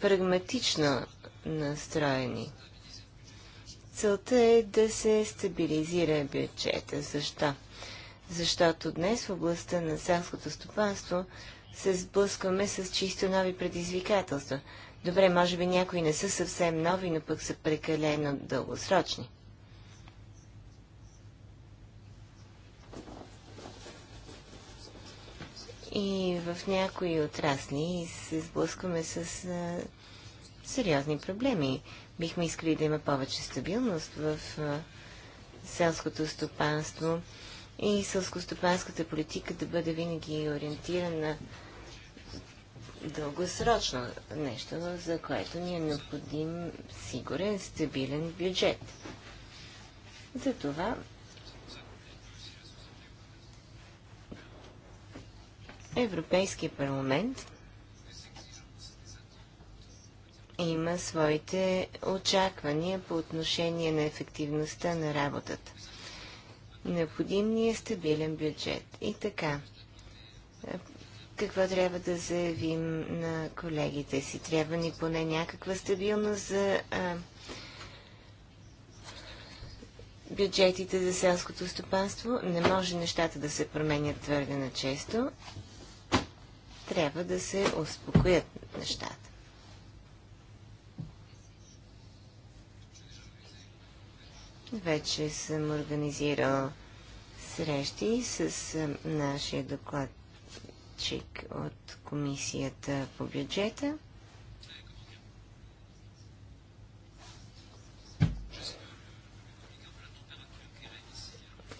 прагматично настроени. Целта е да се стабилизира бюджета. Защо? Защото днес в областта на селското стопанство се сблъскваме с чисто нови предизвикателства. Добре, може би някои не са съвсем нови, но пък са прекалено дългосрочни. И в някои отрасли се сблъскваме с а, сериозни проблеми. Бихме искали да има повече стабилност в а, селското стопанство и сълскостопанската политика да бъде винаги ориентирана дългосрочно нещо, за което ни е необходим сигурен, стабилен бюджет. Затова Европейския парламент има своите очаквания по отношение на ефективността на работата. Необходим ни е стабилен бюджет. И така, е, какво трябва да заявим на колегите си? Трябва ни поне някаква стабилност за а, е, бюджетите за селското стопанство. Не може нещата да се променят твърде на често. Трябва да се успокоят нещата. Вече съм организирал срещи с нашия докладчик от Комисията по бюджета.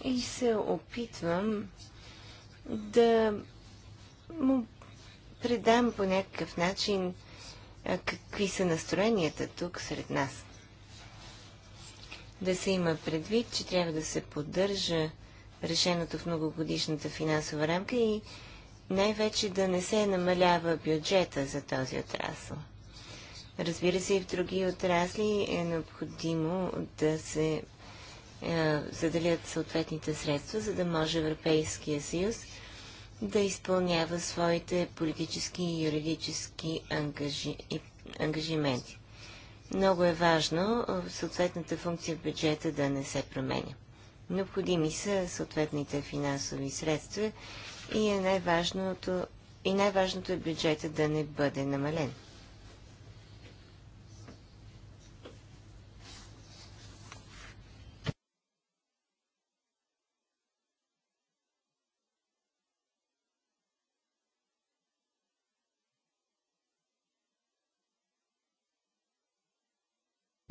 И се опитвам да му предам по някакъв начин какви са настроенията тук сред нас да се има предвид, че трябва да се поддържа решеното в многогодишната финансова рамка и най-вече да не се намалява бюджета за този отрасъл. Разбира се, и в други отрасли е необходимо да се е, заделят съответните средства, за да може Европейския съюз да изпълнява своите политически и юридически ангажи... ангажименти. Много е важно съответната функция в бюджета да не се променя. Необходими са съответните финансови средства и е най-важното, и най-важното е бюджета да не бъде намален.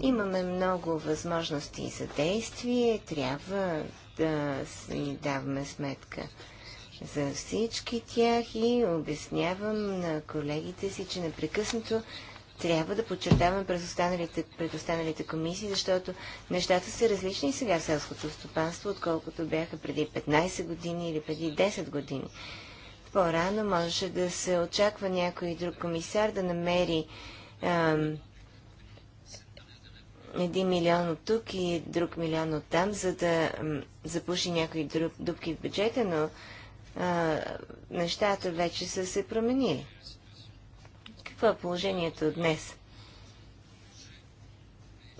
Имаме много възможности за действие, трябва да си даваме сметка за всички тях и обяснявам на колегите си, че непрекъснато трябва да подчертаваме пред останалите, пред останалите комисии, защото нещата са различни сега в селското стопанство, отколкото бяха преди 15 години или преди 10 години. По-рано можеше да се очаква някой друг комисар да намери ам, един милион от тук и друг милион от там, за да запуши някои дупки в бюджета, но а, нещата вече са се променили. Какво е положението днес?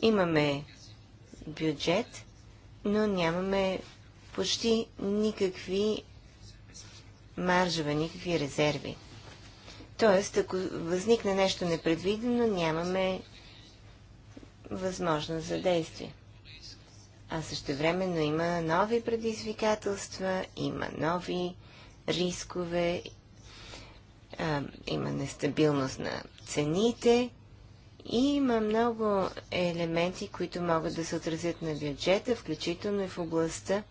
Имаме бюджет, но нямаме почти никакви маржове, никакви резерви. Тоест, ако възникне нещо непредвидено, нямаме възможност за действие. А също времено има нови предизвикателства, има нови рискове, а, има нестабилност на цените и има много елементи, които могат да се отразят на бюджета, включително и в областта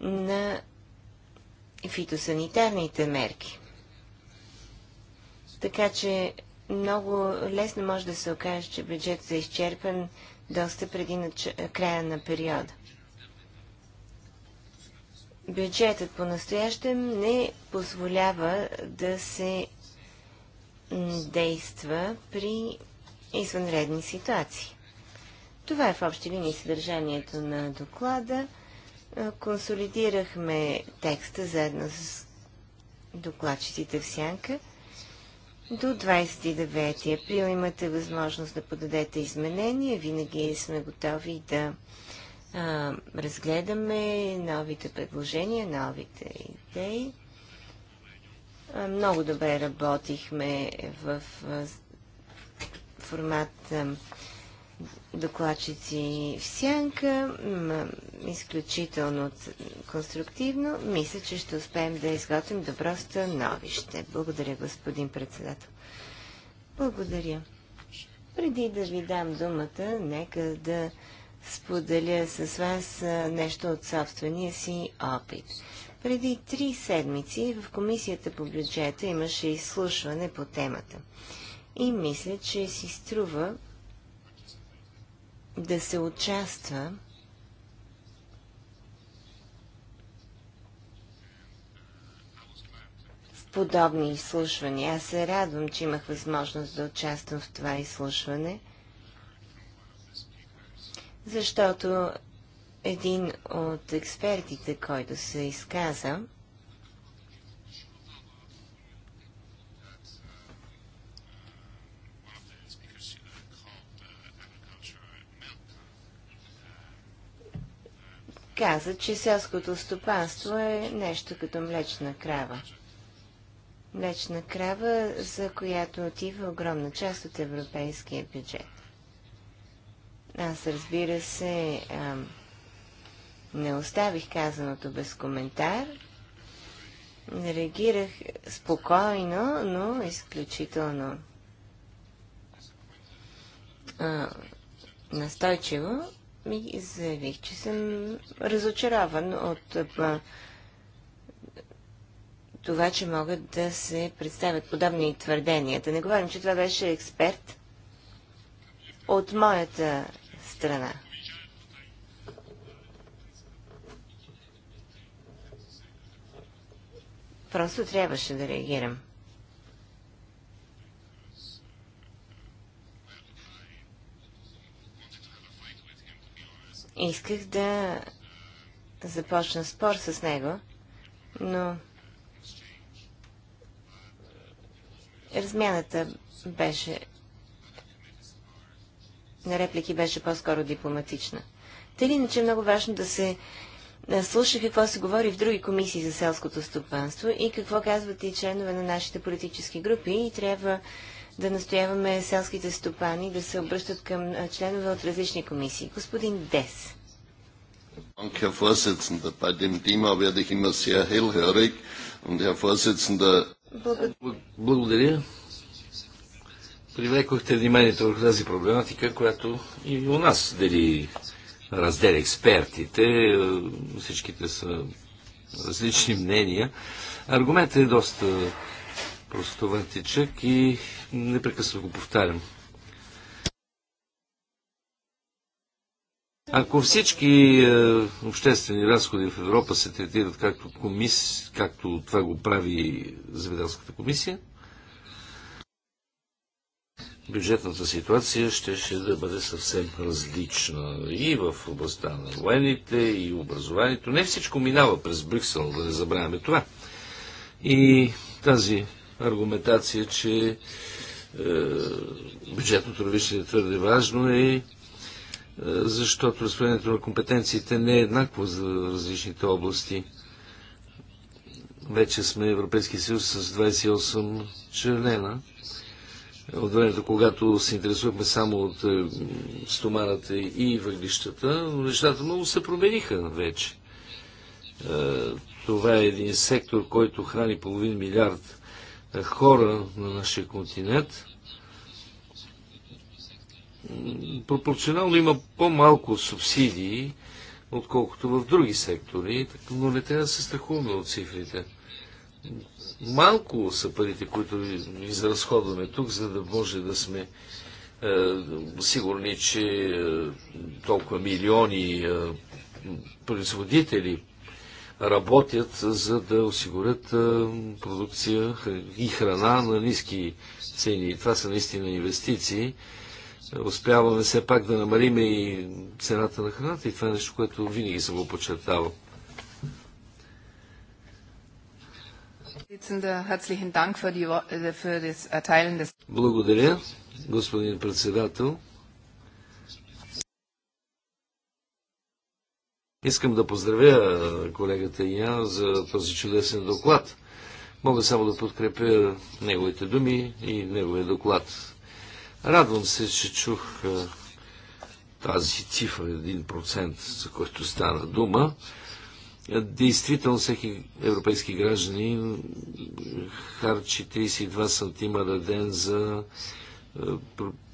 на фитосанитарните мерки. Така че много лесно може да се окаже, че бюджетът е изчерпан доста преди нач... края на периода. Бюджетът по-настоящем не позволява да се действа при извънредни ситуации. Това е в общи линии съдържанието на доклада. Консолидирахме текста заедно с докладчиците в сянка – до 29 април имате възможност да подадете изменения. Винаги сме готови да а, разгледаме новите предложения, новите идеи. А, много добре работихме в а, формат. А, докладчици в сянка, изключително конструктивно. Мисля, че ще успеем да изготвим добро становище. Благодаря, господин председател. Благодаря. Преди да ви дам думата, нека да споделя с вас нещо от собствения си опит. Преди три седмици в Комисията по бюджета имаше изслушване по темата. И мисля, че си струва да се участва в подобни изслушвания. Аз се радвам, че имах възможност да участвам в това изслушване, защото един от експертите, който се изказа, каза, че селското стопанство е нещо като млечна крава. Млечна крава, за която отива огромна част от европейския бюджет. Аз, разбира се, не оставих казаното без коментар. Реагирах спокойно, но изключително а, настойчиво ми заявих, че съм разочарован от това, че могат да се представят подобни твърдения. Да не говорим, че това беше експерт от моята страна. Просто трябваше да реагирам. Исках да започна спор с него, но размяната беше на реплики беше по-скоро дипломатична. Тъй или иначе е много важно да се слуша какво се говори в други комисии за селското стопанство и какво казват и членове на нашите политически групи и трябва да настояваме селските стопани да се обръщат към членове от различни комисии. Господин Дес. Благодаря. Привлекохте вниманието върху тази проблематика, която и у нас дели разделя експертите. Е, всичките са различни мнения. Аргументът е доста простоватичък и непрекъсно го повтарям. Ако всички е, обществени разходи в Европа се третират както, комис, както това го прави Земеделската комисия, бюджетната ситуация ще, ще да бъде съвсем различна и в областта на военните, и образованието. Не всичко минава през Брюксел, да не забравяме това. И тази аргументация, че е, бюджетното равнище е твърде важно и е, защото разпределението на компетенциите не е еднакво за различните области. Вече сме Европейски съюз с 28 члена. От времето, когато се интересувахме само от е, стоманата и въглищата, нещата много се промениха вече. Е, това е един сектор, който храни половин милиард хора на нашия континент, пропорционално има по-малко субсидии, отколкото в други сектори, но не трябва да се страхуваме от цифрите. Малко са парите, които изразходваме тук, за да може да сме е, сигурни, че е, толкова милиони е, производители работят, за да осигурят продукция и храна на ниски цени. това са наистина инвестиции. Успяваме все пак да намалим и цената на храната и това е нещо, което винаги съм го подчертавал. Благодаря, господин председател. Искам да поздравя колегата Ян за този чудесен доклад. Мога само да подкрепя неговите думи и неговия доклад. Радвам се, че чух тази цифра 1%, за който стана дума. Действително всеки европейски гражданин харчи 32 сантима на ден за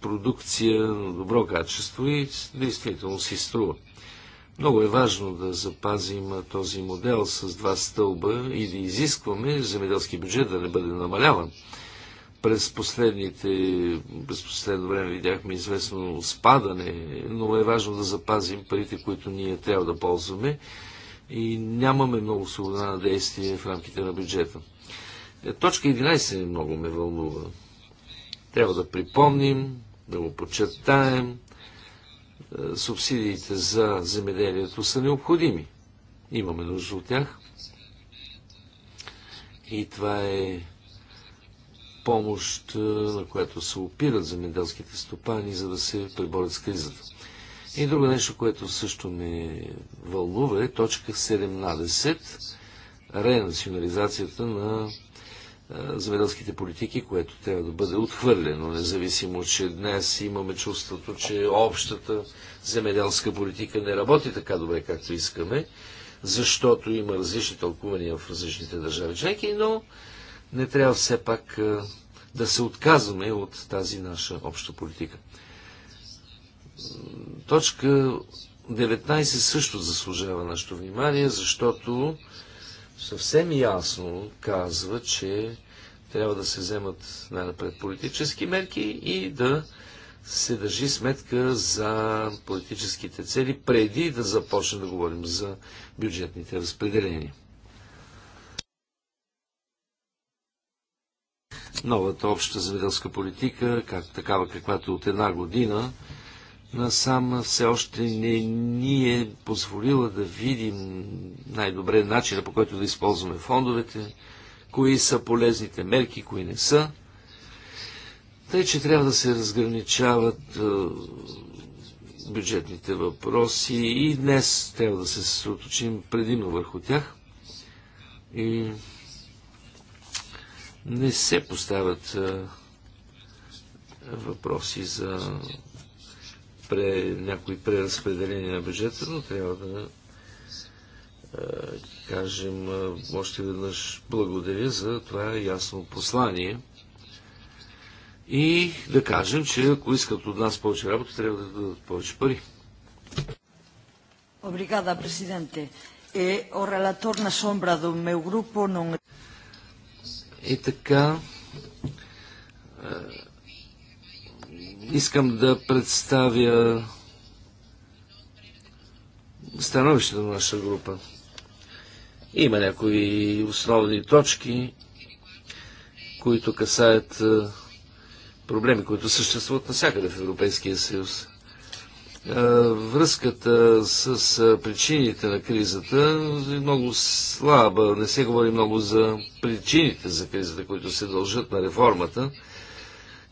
продукция на добро качество и действително си струва. Много е важно да запазим този модел с два стълба и да изискваме земеделски бюджет да не бъде намаляван. През, последните, през последно време видяхме известно спадане, но е важно да запазим парите, които ние трябва да ползваме и нямаме много свобода на действие в рамките на бюджета. Е, точка 11 много ме вълнува. Трябва да припомним, да го подчертаем, субсидиите за земеделието са необходими. Имаме нужда от тях. И това е помощ, е, на която се опират земеделските стопани, за да се преборят с кризата. И друго нещо, което също ме вълнува е точка 17 ренационализацията на е, земеделските политики, което трябва да бъде отхвърлено, независимо, че днес имаме чувството, че общата земеделска политика не работи така добре, както искаме, защото има различни тълкувания в различните държави членки, но не трябва все пак е, да се отказваме от тази наша обща политика. Точка 19 също заслужава нашето внимание, защото съвсем ясно казва, че трябва да се вземат най-напред политически мерки и да се държи сметка за политическите цели, преди да започне да говорим за бюджетните разпределения. Новата обща земеделска политика, как такава каквато от една година, насам все още не ни е позволила да видим най-добре начина по който да използваме фондовете, кои са полезните мерки, кои не са. Тъй, че трябва да се разграничават е, бюджетните въпроси и днес трябва да се съсредоточим предимно върху тях. И не се поставят е, въпроси за пре, някои преразпределения на бюджета, но трябва да кажем още веднъж благодаря за това ясно послание. И да кажем, че ако искат от нас повече работа, трябва да дадат повече пари. Обригада, президенте. Е, o relator na sombra do meu И така, Искам да представя становището на нашата група. Има някои основни точки, които касаят е, проблеми, които съществуват навсякъде в Европейския съюз. Е, връзката с е, причините на кризата е много слаба. Не се говори много за причините за кризата, които се дължат на реформата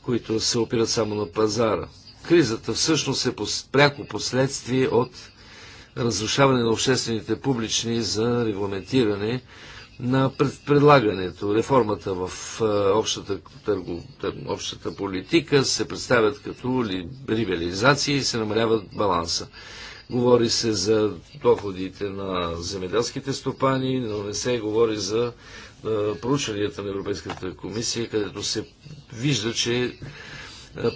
които се опират само на пазара. Кризата всъщност е пряко последствие от разрушаване на обществените публични за регламентиране на предлагането. Реформата в общата, търго, общата политика се представят като либерализации и се намаляват баланса. Говори се за доходите на земеделските стопани, но не се говори за е, проучванията на Европейската комисия, където се вижда, че е,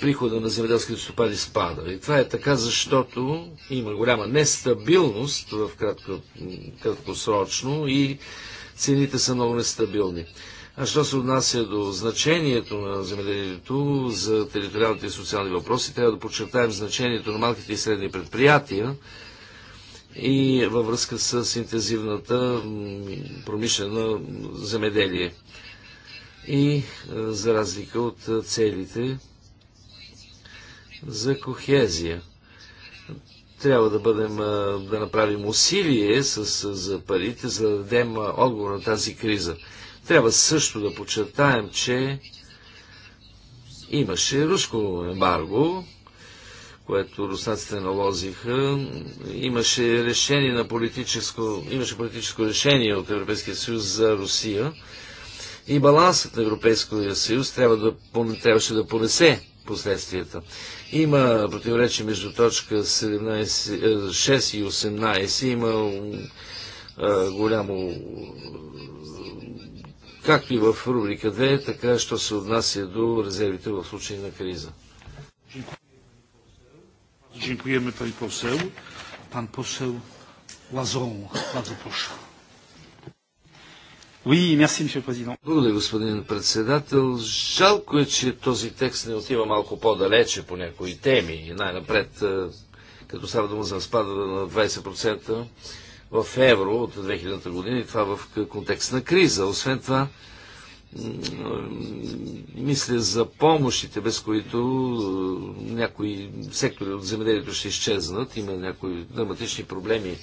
прихода на земеделските стопани спада. И това е така, защото има голяма нестабилност в кратко, краткосрочно и цените са много нестабилни. А що се отнася до значението на земеделието за териториалните и социални въпроси, трябва да подчертаем значението на малките и средни предприятия, и във връзка с интензивната промишлена земеделие. И е, за разлика от е, целите за кохезия. Трябва да бъдем, е, да направим усилие с, за парите, за да дадем отговор на тази криза. Трябва също да подчертаем, че имаше руско ембарго, което руснаците наложиха, имаше решение на политическо, имаше политическо решение от Европейския съюз за Русия и балансът на Европейския съюз трябва да, трябваше да понесе последствията. Има противоречие между точка 17, 6 е, и 18, има а, е, голямо както и в рубрика 2, така що се отнася до резервите в случай на криза. Dziękujemy pani poseł. Pan poseł Bardzo proszę. Oui, merci, monsieur président. Благодаря, господин председател. Жалко е, че този текст не отива малко по-далече по някои теми. Най-напред, е, като става дума за спада на 20% в евро от 2000 година и това в контекст на криза. Освен това, мисля за помощите, без които е, някои сектори от земеделието ще изчезнат. Има някои драматични проблеми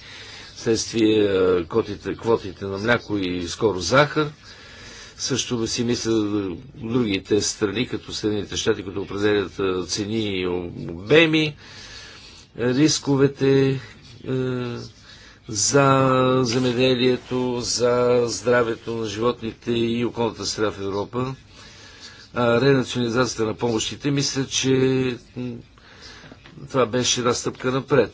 следствие е, квотите, квотите на мляко и скоро захар. Също да си мисля е, другите страни, като Съединените щати, които определят цени и обеми, рисковете, за земеделието, за здравето на животните и околната среда в Европа, ренационализацията на помощите, мисля, че това беше една стъпка напред.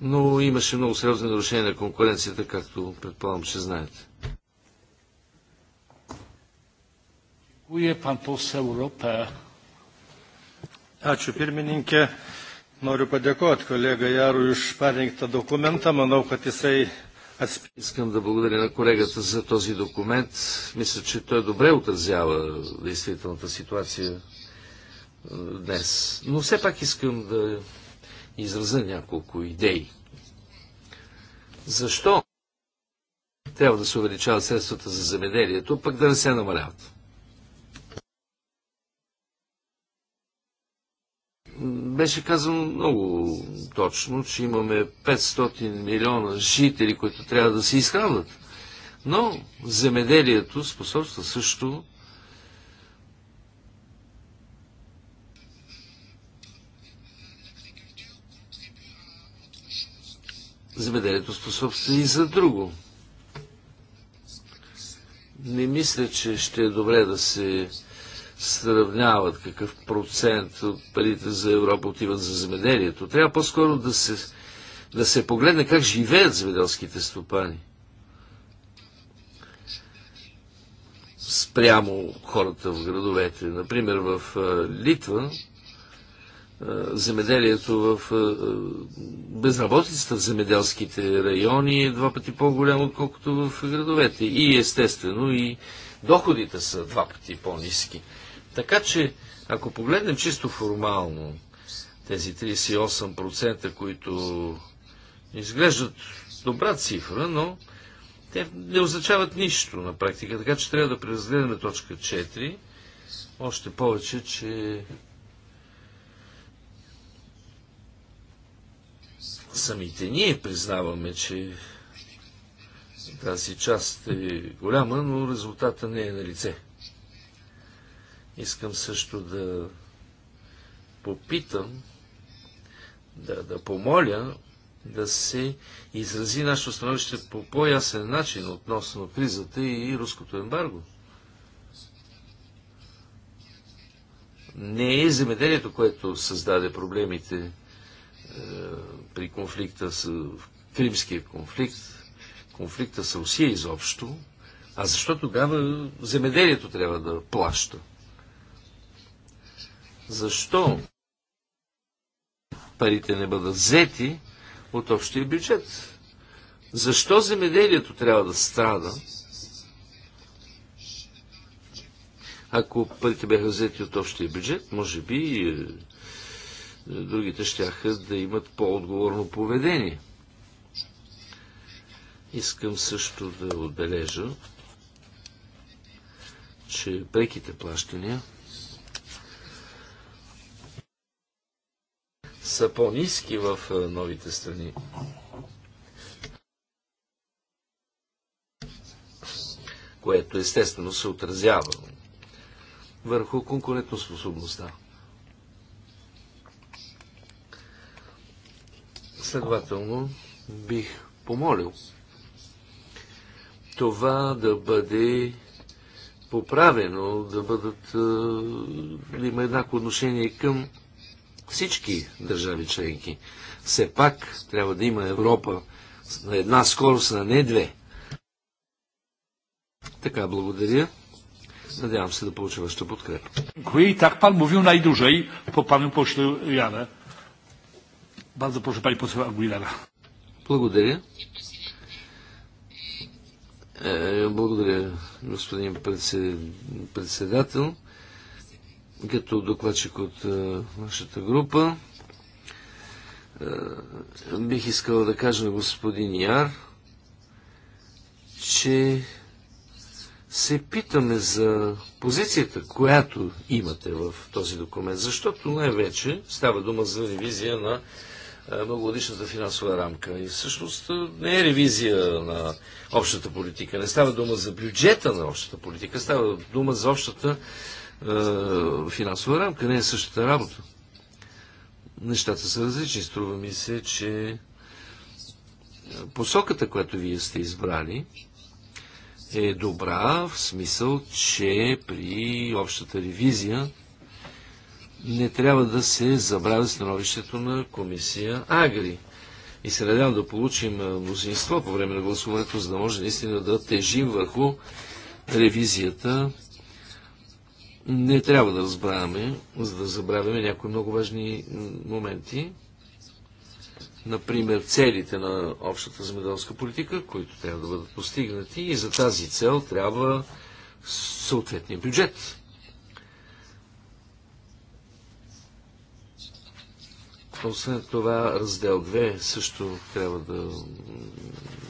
Но имаше много сериозни нарушения на конкуренцията, както предполагам, че знаете. Ačiū pirmininkė. Е Noriu padėkoti kolega Jarui už parengtą документа. Manau, kad jisai Искам да благодаря на колегата за този документ. Мисля, че той добре отразява действителната ситуация е, днес. Но все пак искам да изразя няколко идеи. Защо трябва да се увеличават средствата за земеделието, пък да не се намаляват? беше казано много точно, че имаме 500 милиона жители, които трябва да се изхранват. Но земеделието способства също земеделието способства и за друго. Не мисля, че ще е добре да се сравняват какъв процент от парите за Европа отиват за земеделието. Трябва по-скоро да се, да се погледне как живеят земеделските стопани. Спрямо хората в градовете. Например, в Литва земеделието в безработицата в земеделските райони е два пъти по-голямо, отколкото в градовете. И естествено, и доходите са два пъти по-низки. Така че, ако погледнем чисто формално тези 38%, които изглеждат добра цифра, но те не означават нищо на практика, така че трябва да преразгледаме точка 4. Още повече, че самите ние признаваме, че тази част е голяма, но резултата не е на лице. Искам също да попитам, да, да помоля да се изрази нашето становище по по-ясен начин относно кризата и руското ембарго. Не е земеделието, което създаде проблемите е, при конфликта с Кримския конфликт, конфликта с Русия изобщо, а защо тогава земеделието трябва да плаща? Защо парите не бъдат взети от общия бюджет? Защо земеделието трябва да страда, ако парите бяха взети от общия бюджет, може би е, е, другите щяха да имат по-отговорно поведение. Искам също да отбележа, че преките плащания са по-низки в е, новите страни. Което естествено се отразява върху конкурентоспособността. Следователно, бих помолил това да бъде поправено, да бъдат, е, да има еднакво отношение към всички държави членки. Все пак трябва да има Европа на една скорост, на не две. Така, благодаря. Надявам се да получа вашата подкрепа. Dziękuję. I tak pan mówił najdłużej po panu pośle Janę. Bardzo proszę pani poseł Aguilera. Благодаря. Е, благодаря, господин председател като докладчик от нашата е, група. Е, бих искала да кажа на господин Яр, че се питаме за позицията, която имате в този документ, защото най-вече става дума за ревизия на е, многогодишната финансова рамка. И всъщност не е ревизия на общата политика, не става дума за бюджета на общата политика, става дума за общата е, финансова рамка, не е същата работа. Нещата са различни. Струва ми се, че посоката, която вие сте избрали, е добра в смисъл, че при общата ревизия не трябва да се забравя становището на комисия Агри. И се надявам да получим е, мнозинство по време на гласуването, за да може наистина да тежим върху ревизията не трябва да разбравяме, за да забравяме някои много важни моменти. Например, целите на общата земеделска политика, които трябва да бъдат постигнати и за тази цел трябва съответния бюджет. Освен това, раздел 2 също трябва да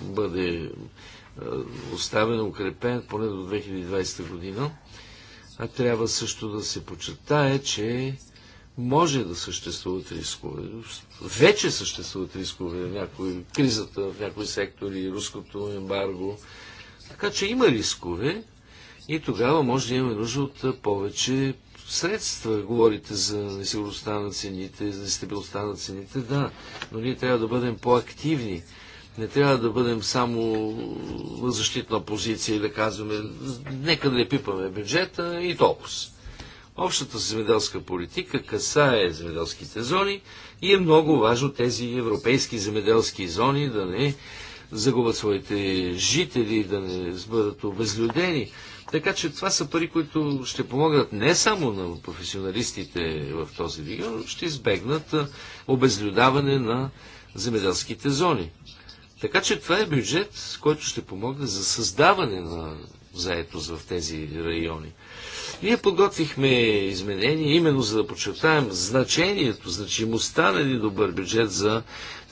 бъде оставен, укрепен поне до 2020 година а трябва също да се почертае, че може да съществуват рискове. Вече съществуват рискове в някои, кризата в някои сектори, руското ембарго. Така че има рискове и тогава може да имаме нужда от повече средства. Говорите за несигурността на цените, за нестабилността на цените, да, но ние трябва да бъдем по-активни не трябва да бъдем само на защитна позиция и да казваме, нека да не пипаме бюджета и толкова. Общата земеделска политика касае земеделските зони и е много важно тези европейски земеделски зони да не загубят своите жители, да не бъдат обезлюдени. Така че това са пари, които ще помогнат не само на професионалистите в този регион, ще избегнат обезлюдаване на земеделските зони. Така че това е бюджет, който ще помогне за създаване на заетост в тези райони. Ние подготвихме изменения именно за да подчертаем значението, значимостта на един добър бюджет за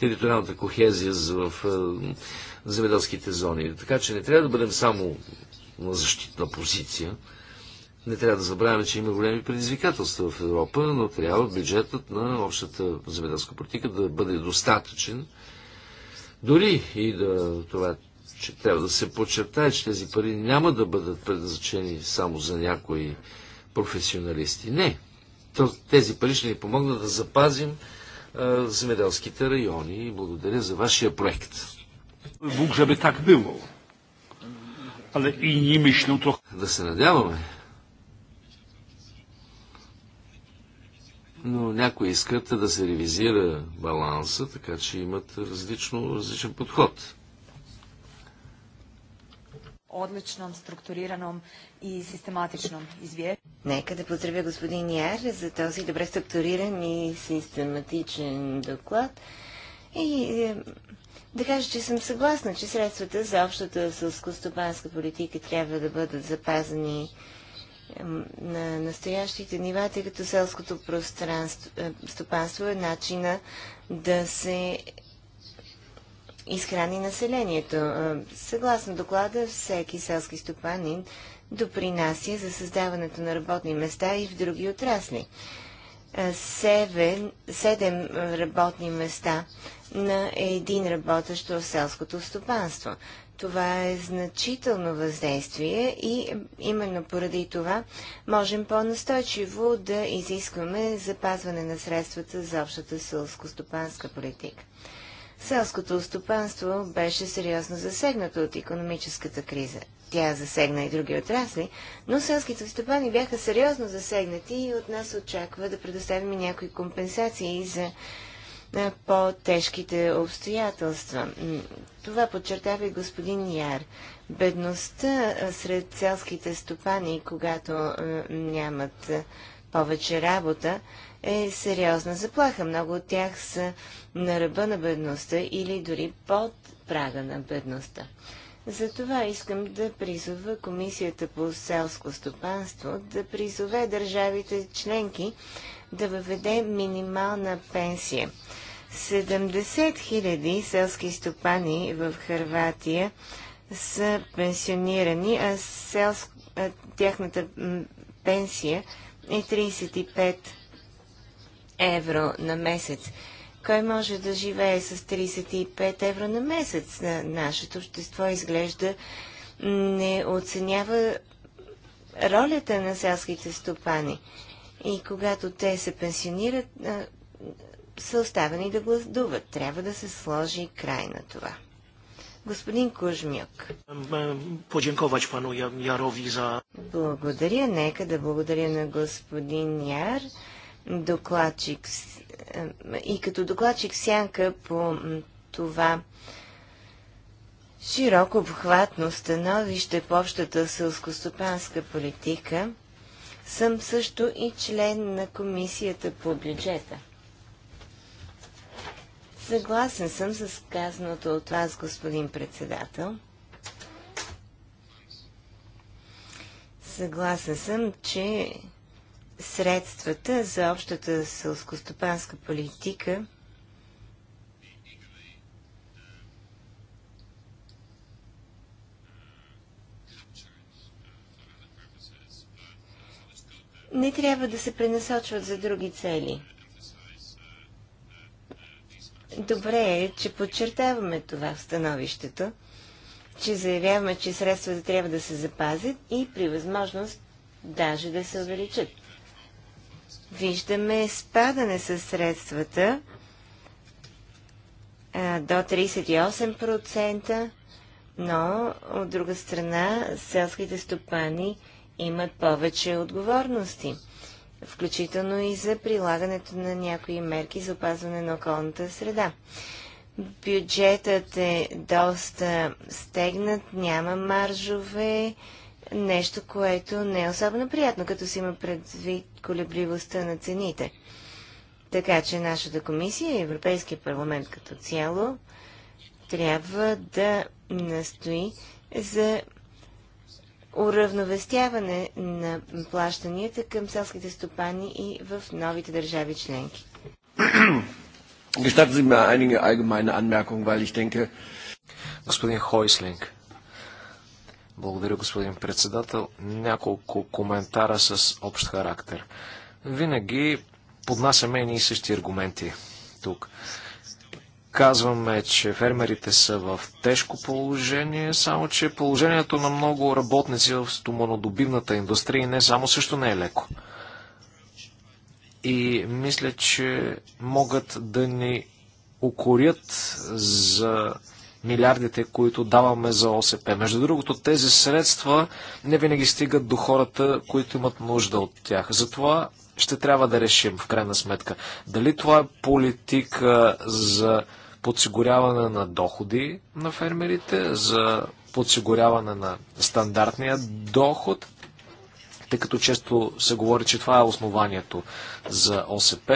териториалната кохезия в е, земеделските зони. Така че не трябва да бъдем само на защитна позиция. Не трябва да забравяме, че има големи предизвикателства в Европа, но трябва бюджетът на общата земеделска политика да бъде достатъчен, дори и да това, че трябва да се подчертае, че тези пари няма да бъдат предназначени само за някои професионалисти. Не. Тези пари ще ни помогнат да запазим а, земеделските райони. благодаря за вашия проект. Бог, би так било. Да се надяваме, но някои искат да се ревизира баланса, така че имат различно, различен подход. Отличном, структурираном и систематичном извие. Нека да поздравя господин Яр за този добре структуриран и систематичен доклад. И е, да кажа, че съм съгласна, че средствата за общата сълско-стопанска политика трябва да бъдат запазени на настоящите нива, тъй като селското пространство, е, стопанство е начина да се изхрани населението. Е, съгласно доклада, всеки селски стопанин допринася за създаването на работни места и в други отрасли. Е, севен, седем работни места на един работещ в селското стопанство. Това е значително въздействие и именно поради това можем по-настойчиво да изискваме запазване на средствата за общата селско-стопанска политика. Селското стопанство беше сериозно засегнато от економическата криза. Тя засегна и други отрасли, но селските стопани бяха сериозно засегнати и от нас очаква да предоставим някои компенсации за по-тежките обстоятелства. Това подчертава и господин Яр. Бедността сред селските стопани, когато нямат повече работа, е сериозна заплаха. Много от тях са на ръба на бедността или дори под прага на бедността. Затова искам да призова Комисията по селско стопанство да призове държавите членки да въведе минимална пенсия. 70 000 селски стопани в Харватия са пенсионирани, а селск... тяхната пенсия е 35 евро на месец. Кой може да живее с 35 евро на месец? На нашето общество изглежда не оценява ролята на селските стопани и когато те се пенсионират, са оставени да гладуват. Трябва да се сложи край на това. Господин Кужмюк. пану Ярови за... Благодаря. Нека да благодаря на господин Яр, докладчик и като докладчик сянка по това широко обхватно становище по общата сълскостопанска политика – съм също и член на комисията по бюджета. Съгласен съм с казаното от вас, господин председател. Съгласен съм, че средствата за общата селскостопанска политика – не трябва да се пренасочват за други цели. Добре е, че подчертаваме това в становището, че заявяваме, че средствата трябва да се запазят и при възможност даже да се увеличат. Виждаме спадане със средствата а, до 38%, но от друга страна селските стопани – имат повече отговорности, включително и за прилагането на някои мерки за опазване на околната среда. Бюджетът е доста стегнат, няма маржове, нещо, което не е особено приятно, като си има предвид колебливостта на цените. Така че нашата комисия и Европейския парламент като цяло трябва да настои за уравновестяване на плащанията към селските стопани и в новите държави членки. Gestatten Sie mir einige allgemeine Anmerkungen, weil ich denke... Господин Хойслинг, благодаря господин председател. Няколко коментара с общ характер. Винаги поднасяме едни и същи аргументи тук казваме, че фермерите са в тежко положение, само че положението на много работници в стоманодобивната индустрия не само също не е леко. И мисля, че могат да ни укорят за милиардите, които даваме за ОСП. Между другото, тези средства не винаги стигат до хората, които имат нужда от тях. Затова ще трябва да решим, в крайна сметка, дали това е политика за подсигуряване на доходи на фермерите, за подсигуряване на стандартния доход, тъй като често се говори, че това е основанието за ОСП.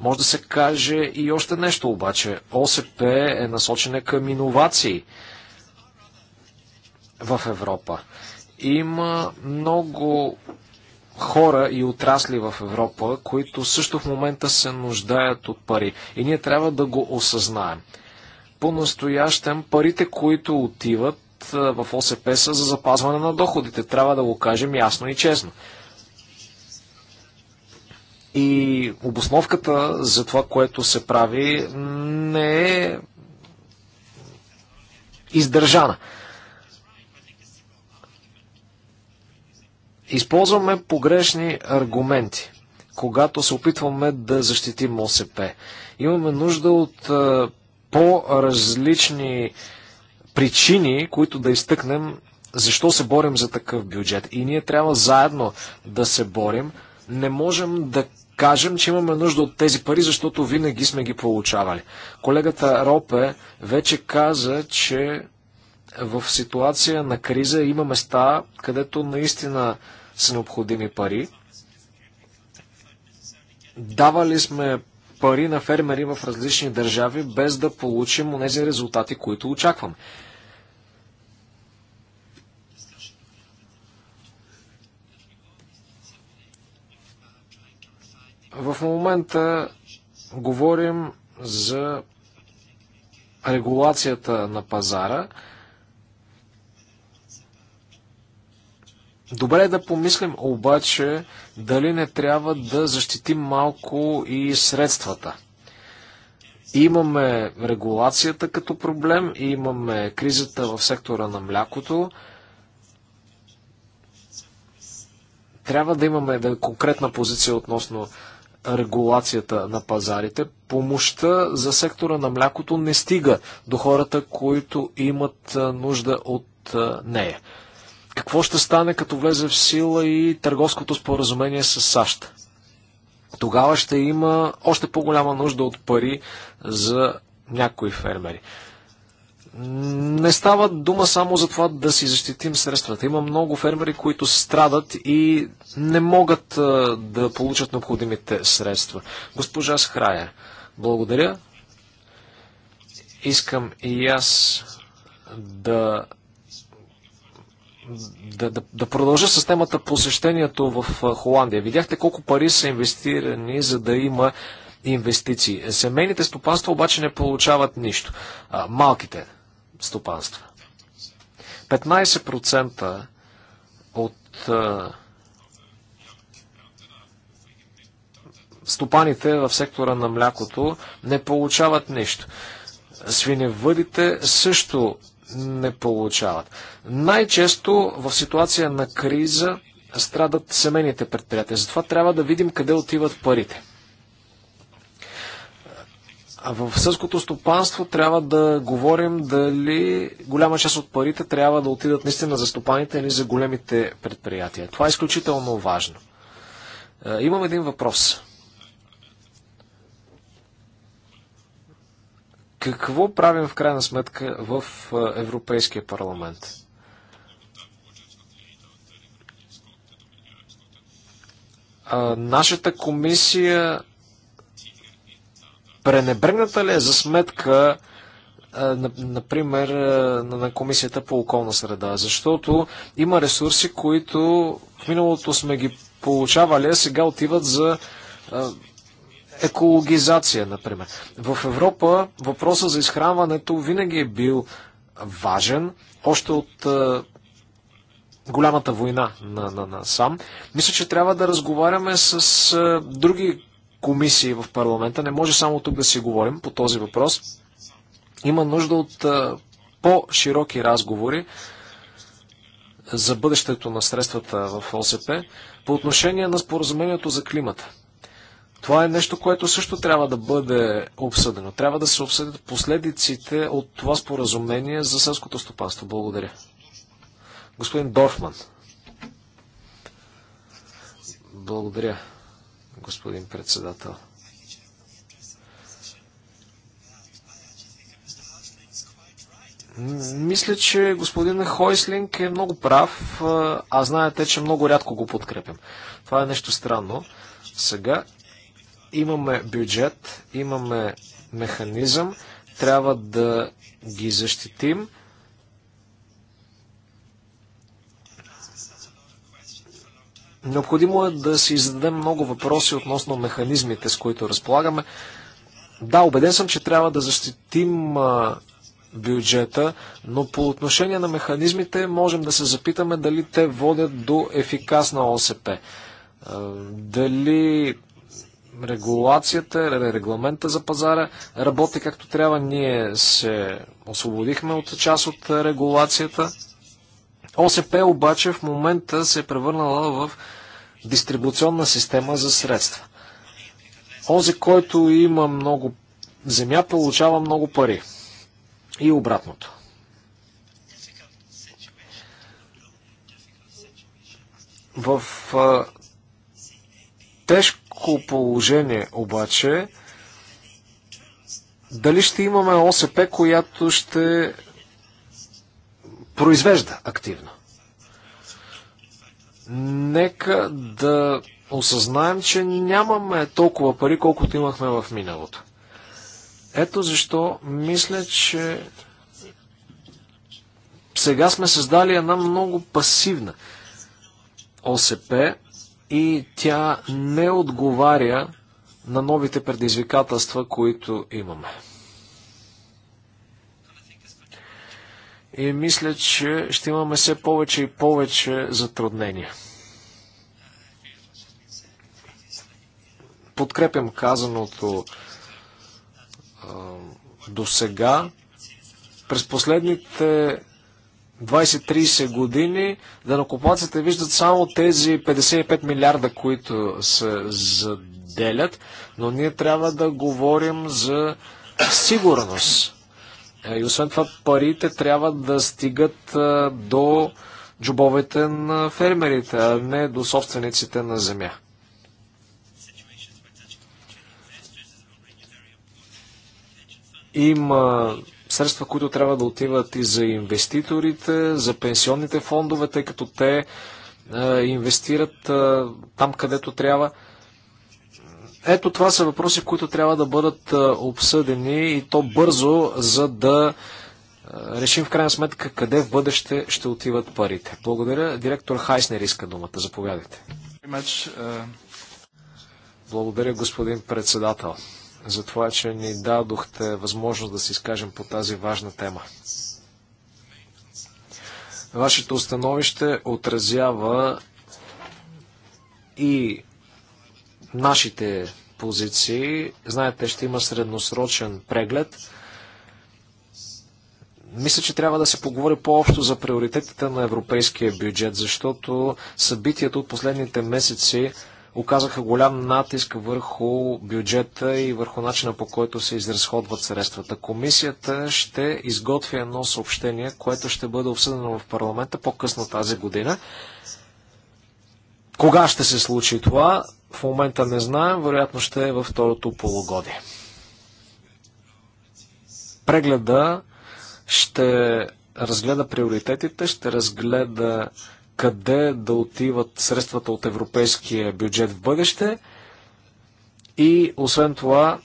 Може да се каже и още нещо обаче. ОСП е насочена към иновации в Европа. Има много хора и отрасли в Европа, които също в момента се нуждаят от пари. И ние трябва да го осъзнаем. По-настоящем парите, които отиват в ОСП са за запазване на доходите. Трябва да го кажем ясно и честно. И обосновката за това, което се прави, не е издържана. Използваме погрешни аргументи, когато се опитваме да защитим ОСП. Имаме нужда от по-различни причини, които да изтъкнем защо се борим за такъв бюджет. И ние трябва заедно да се борим – не можем да кажем, че имаме нужда от тези пари, защото винаги сме ги получавали. Колегата Ропе вече каза, че в ситуация на криза има места, където наистина са необходими пари. Давали сме пари на фермери в различни държави, без да получим тези резултати, които очакваме. В момента говорим за регулацията на пазара. Добре е да помислим обаче дали не трябва да защитим малко и средствата. Имаме регулацията като проблем, имаме кризата в сектора на млякото. Трябва да имаме конкретна позиция относно регулацията на пазарите. Помощта за сектора на млякото не стига до хората, които имат нужда от нея. Какво ще стане, като влезе в сила и търговското споразумение с САЩ? Тогава ще има още по-голяма нужда от пари за някои фермери. Не става дума само за това да си защитим средствата. Има много фермери, които страдат и не могат да получат необходимите средства. Госпожа Схрая, благодаря. Искам и аз да да, да, да продължа с темата посещението в Холандия. Видяхте колко пари са инвестирани, за да има инвестиции. Семейните стопанства обаче не получават нищо. А, малките стопанства. 15% от стопаните в сектора на млякото не получават нищо. Свиневъдите също не получават. Най-често в ситуация на криза страдат семейните предприятия. Затова трябва да видим къде отиват парите. А в сълското стопанство трябва да говорим дали голяма част от парите трябва да отидат наистина за стопаните или за големите предприятия. Това е изключително важно. Е, имам един въпрос. Какво правим в крайна сметка в е, Европейския парламент? Е, нашата комисия пренебрегната ли е за сметка е, например, е, на Комисията по околна среда, защото има ресурси, които в миналото сме ги получавали, а сега отиват за е, екологизация, например. В Европа въпроса за изхранването винаги е бил важен, още от голямата война на, на, на сам. Мисля, че трябва да разговаряме с други комисии в парламента. Не може само тук да си говорим по този въпрос. Има нужда от по-широки разговори за бъдещето на средствата в ОСП по отношение на споразумението за климата. Това е нещо, което също трябва да бъде обсъдено. Трябва да се обсъдят последиците от това споразумение за селското стопанство. Благодаря. Господин Дорфман. Благодаря господин председател. Мисля, че господин Хойслинг е много прав, а знаете, че много рядко го подкрепям. Това е нещо странно. Сега имаме бюджет, имаме механизъм, трябва да ги защитим Необходимо е да си зададем много въпроси относно механизмите, с които разполагаме. Да, убеден съм, че трябва да защитим бюджета, но по отношение на механизмите можем да се запитаме дали те водят до ефикасна ОСП. Дали регулацията, регламента за пазара работи както трябва. Ние се освободихме от част от регулацията. ОСП обаче в момента се е превърнала в дистрибуционна система за средства. Онзи, който има много земя, получава много пари. И обратното. В а, тежко положение обаче, дали ще имаме ОСП, която ще произвежда активно? нека да осъзнаем, че нямаме толкова пари, колкото имахме в миналото. Ето защо мисля, че сега сме създали една много пасивна ОСП и тя не отговаря на новите предизвикателства, които имаме. и мисля, че ще имаме все повече и повече затруднения. Подкрепям казаното до сега. През последните 20-30 години данокопаците виждат само тези 55 милиарда, които се заделят, но ние трябва да говорим за сигурност е, и освен това парите трябва да стигат е, до джобовете на фермерите, а не до собствениците на земя. Има средства, които трябва да отиват и за инвеститорите, за пенсионните фондове, тъй като те е, инвестират там, където трябва. Ето това са въпроси, които трябва да бъдат обсъдени и то бързо, за да решим в крайна сметка къде в бъдеще ще отиват парите. Благодаря. Директор Хайснер иска думата. Заповядайте. Благодаря, господин председател, за това, че ни дадохте възможност да се изкажем по тази важна тема. Вашето установище отразява и нашите позиции. Знаете, ще има средносрочен преглед. Мисля, че трябва да се поговори по-общо за приоритетите на европейския бюджет, защото събитията от последните месеци оказаха голям натиск върху бюджета и върху начина по който се изразходват средствата. Комисията ще изготви едно съобщение, което ще бъде обсъдено в парламента по-късно тази година. Кога ще се случи това? в момента не знаем, вероятно ще е във второто полугодие. Прегледа ще разгледа приоритетите, ще разгледа къде да отиват средствата от европейския бюджет в бъдеще и освен това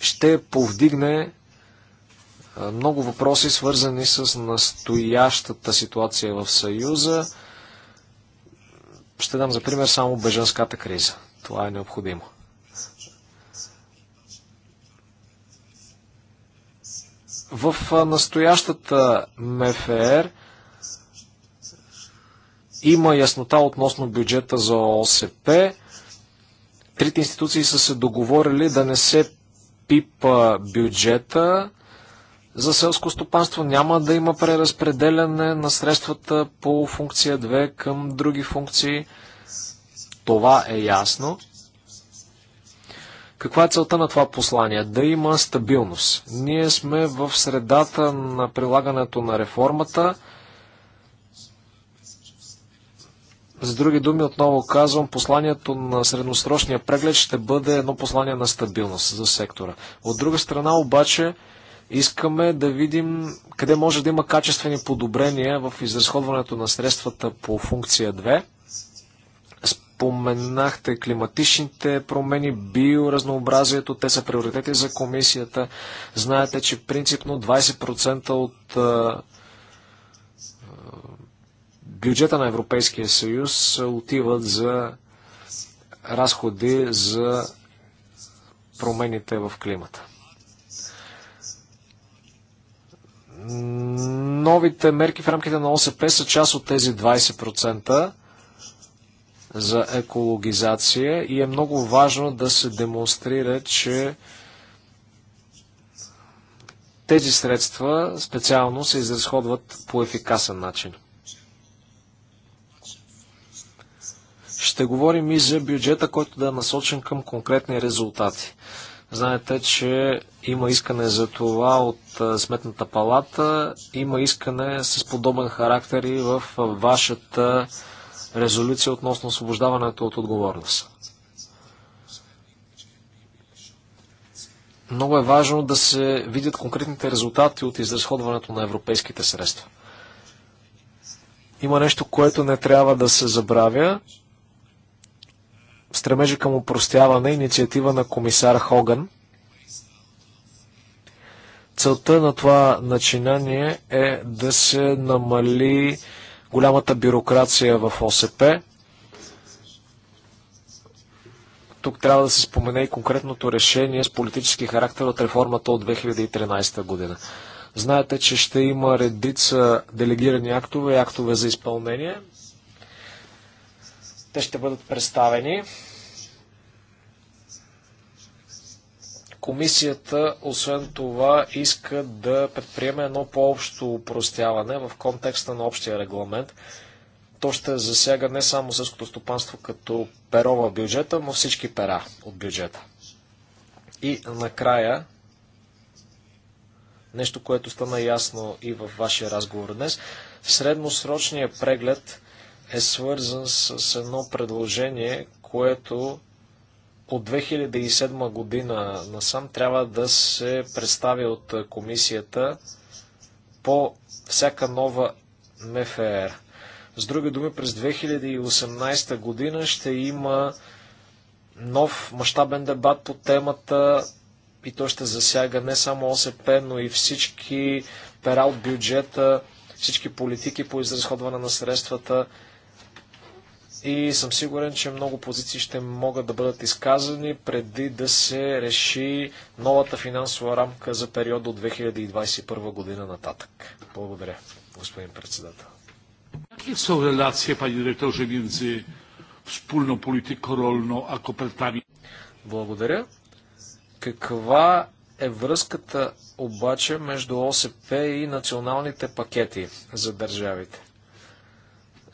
ще повдигне много въпроси, свързани с настоящата ситуация в Съюза, ще дам за пример само беженската криза. Това е необходимо. В настоящата МФР има яснота относно бюджета за ОСП. Трите институции са се договорили да не се пипа бюджета за селско стопанство няма да има преразпределяне на средствата по функция 2 към други функции. Това е ясно. Каква е целта на това послание? Да има стабилност. Ние сме в средата на прилагането на реформата. С други думи, отново казвам, посланието на средносрочния преглед ще бъде едно послание на стабилност за сектора. От друга страна обаче, Искаме да видим къде може да има качествени подобрения в изразходването на средствата по функция 2. Споменахте климатичните промени, биоразнообразието, те са приоритети за комисията. Знаете, че принципно 20% от бюджета на Европейския съюз отиват за разходи за промените в климата. Новите мерки в рамките на ОСП са част от тези 20% за екологизация и е много важно да се демонстрира, че тези средства специално се изразходват по ефикасен начин. Ще говорим и за бюджета, който да е насочен към конкретни резултати. Знаете, че има искане за това от Сметната палата. Има искане с подобен характер и в вашата резолюция относно освобождаването от отговорност. Много е важно да се видят конкретните резултати от изразходването на европейските средства. Има нещо, което не трябва да се забравя в стремежа към упростяване инициатива на комисар Хоган. Целта на това начинание е да се намали голямата бюрокрация в ОСП. Тук трябва да се спомене и конкретното решение с политически характер от реформата от 2013 година. Знаете, че ще има редица делегирани актове и актове за изпълнение. Те ще бъдат представени. Комисията, освен това, иска да предприеме едно по-общо упростяване в контекста на общия регламент. То ще засяга не само сълското стопанство като перо в бюджета, но всички пера от бюджета. И накрая, нещо, което стана ясно и във вашия разговор днес, средносрочният преглед е свързан с едно предложение, което от 2007 година насам трябва да се представи от комисията по всяка нова МФР. С други думи, през 2018 година ще има нов мащабен дебат по темата и то ще засяга не само ОСП, но и всички пера от бюджета, всички политики по изразходване на средствата и съм сигурен, че много позиции ще могат да бъдат изказани преди да се реши новата финансова рамка за период от 2021 година нататък. Благодаря, господин председател. са релации, пани директор, че między спулно политико ролно, ако kopertami? Благодаря. Каква е връзката обаче между ОСП и националните пакети за държавите?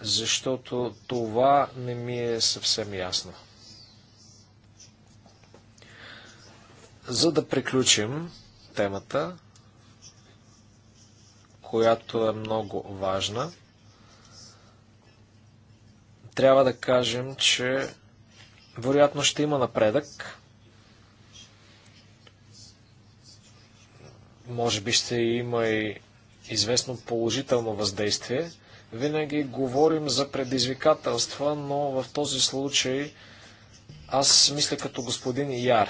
защото това не ми е съвсем ясно. За да приключим темата, която е много важна, трябва да кажем, че вероятно ще има напредък. Може би ще има и известно положително въздействие – винаги говорим за предизвикателства, но в този случай аз мисля като господин Яр.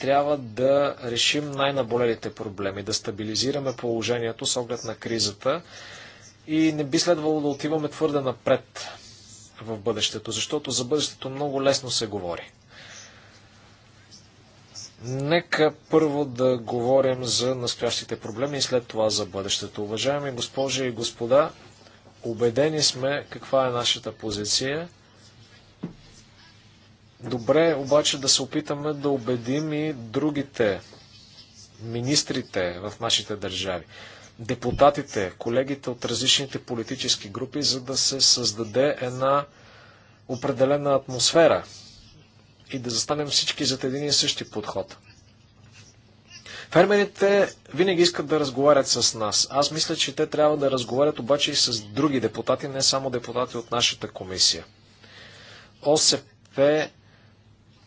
Трябва да решим най-наболелите проблеми, да стабилизираме положението с оглед на кризата и не би следвало да отиваме твърде напред в бъдещето, защото за бъдещето много лесно се говори. Нека първо да говорим за настоящите проблеми и след това за бъдещето. Уважаеми госпожи и господа, Обедени сме каква е нашата позиция. Добре е обаче да се опитаме да убедим и другите министрите в нашите държави, депутатите, колегите от различните политически групи, за да се създаде една определена атмосфера и да застанем всички зад един и същи подход – Фермерите винаги искат да разговарят с нас. Аз мисля, че те трябва да разговарят обаче и с други депутати, не само депутати от нашата комисия. ОСП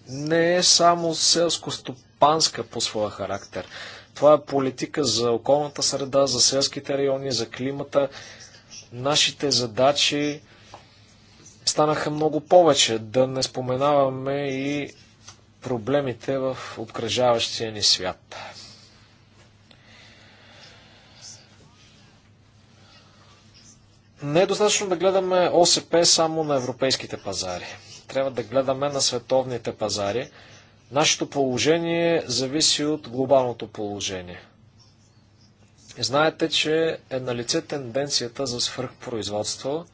не е само селско-стопанска по своя характер. Това е политика за околната среда, за селските райони, за климата. Нашите задачи станаха много повече. Да не споменаваме и проблемите в обкръжаващия ни свят. Не е достатъчно да гледаме ОСП само на европейските пазари. Трябва да гледаме на световните пазари. Нашето положение зависи от глобалното положение. Знаете, че е на лице тенденцията за свръхпроизводство.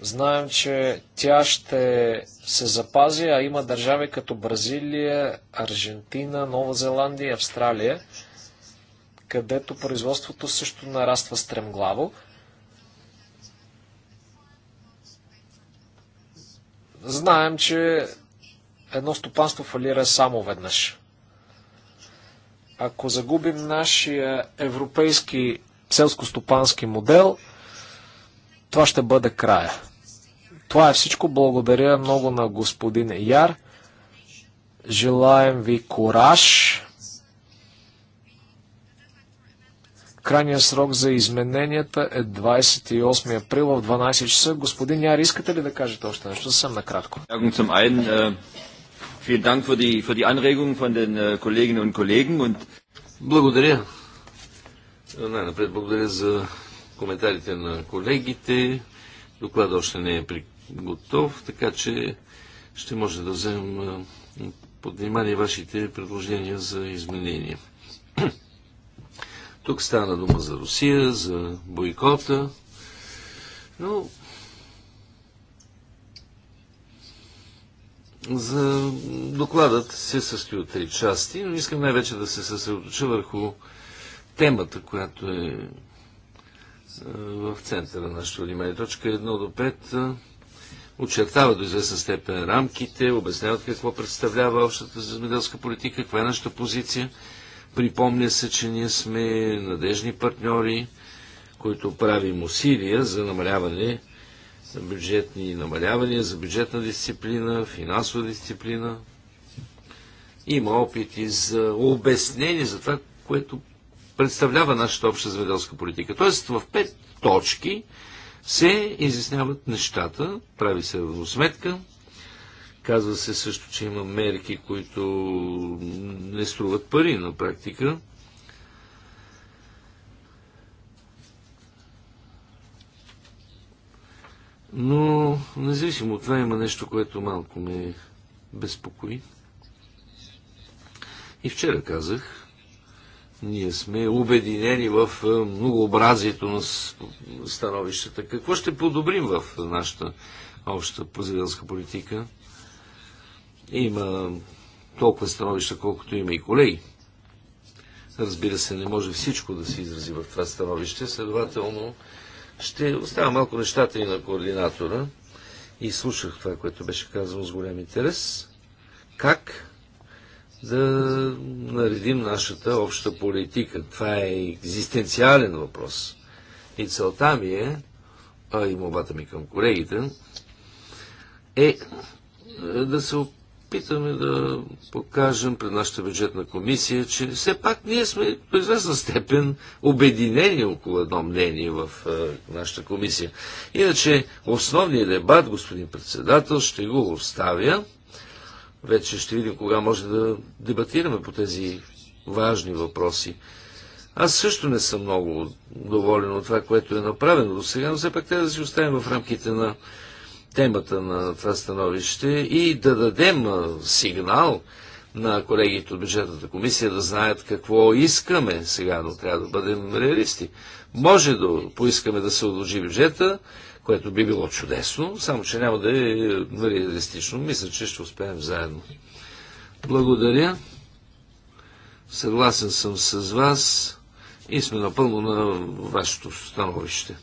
Знаем, че тя ще се запази, а има държави като Бразилия, Аржентина, Нова Зеландия, Австралия, където производството също нараства стремглаво. Знаем, че едно стопанство фалира само веднъж. Ако загубим нашия европейски селско-стопански модел, това ще бъде края. Това е всичко. Благодаря много на господин Яр. Желаем ви кораж Крайният срок за измененията е 28 април в 12 часа. Господин Яри, искате ли да кажете още нещо? Съвсем накратко. Благодаря. Най-напред благодаря за коментарите на колегите. Доклад още не е готов, така че ще може да вземем е, под внимание вашите предложения за изменения. Тук стана дума за Русия, за бойкота, но за докладът се състои от три части, но искам най-вече да се съсредоточа върху темата, която е, е в центъра на нашето внимание. Точка 1 до 5 е, очертава до известна степен рамките, обясняват какво представлява общата земеделска политика, каква е нашата позиция – Припомня се, че ние сме надежни партньори, които правим усилия за намаляване на бюджетни намалявания, за бюджетна дисциплина, финансова дисциплина. Има опити за обяснение за това, което представлява нашата обща земеделска политика. Тоест в пет точки се изясняват нещата, прави се равносметка, Казва се също, че има мерки, които не струват пари на практика. Но, независимо от това, има нещо, което малко ме безпокои. И вчера казах, ние сме обединени в е, многообразието на становищата. Какво ще подобрим в нашата обща земеделска политика? Има толкова становища, колкото има и колеги. Разбира се, не може всичко да се изрази в това становище, следователно ще оставя малко нещата и на координатора и слушах това, което беше казано с голям интерес. Как да наредим нашата обща политика? Това е екзистенциален въпрос. И целта ми е, а и молбата ми към колегите, е да се опитаме да покажем пред нашата бюджетна комисия, че все пак ние сме до известна степен обединени около едно мнение в е, нашата комисия. Иначе основният дебат, господин председател, ще го оставя. Вече ще видим кога може да дебатираме по тези важни въпроси. Аз също не съм много доволен от това, което е направено до сега, но все пак трябва да си оставим в рамките на темата на това становище и да дадем сигнал на колегите от бюджетната комисия да знаят какво искаме сега, но трябва да бъдем реалисти. Може да поискаме да се удължи бюджета, което би било чудесно, само че няма да е нали, реалистично. Мисля, че ще успеем заедно. Благодаря. Съгласен съм с вас и сме напълно на вашето становище.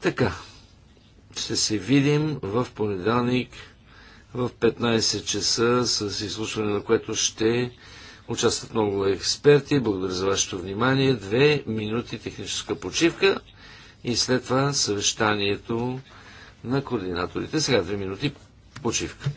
Така, ще се видим в понеделник в 15 часа с изслушване, на което ще участват много експерти. Благодаря за вашето внимание. Две минути техническа почивка и след това съвещанието на координаторите. Сега две минути почивка.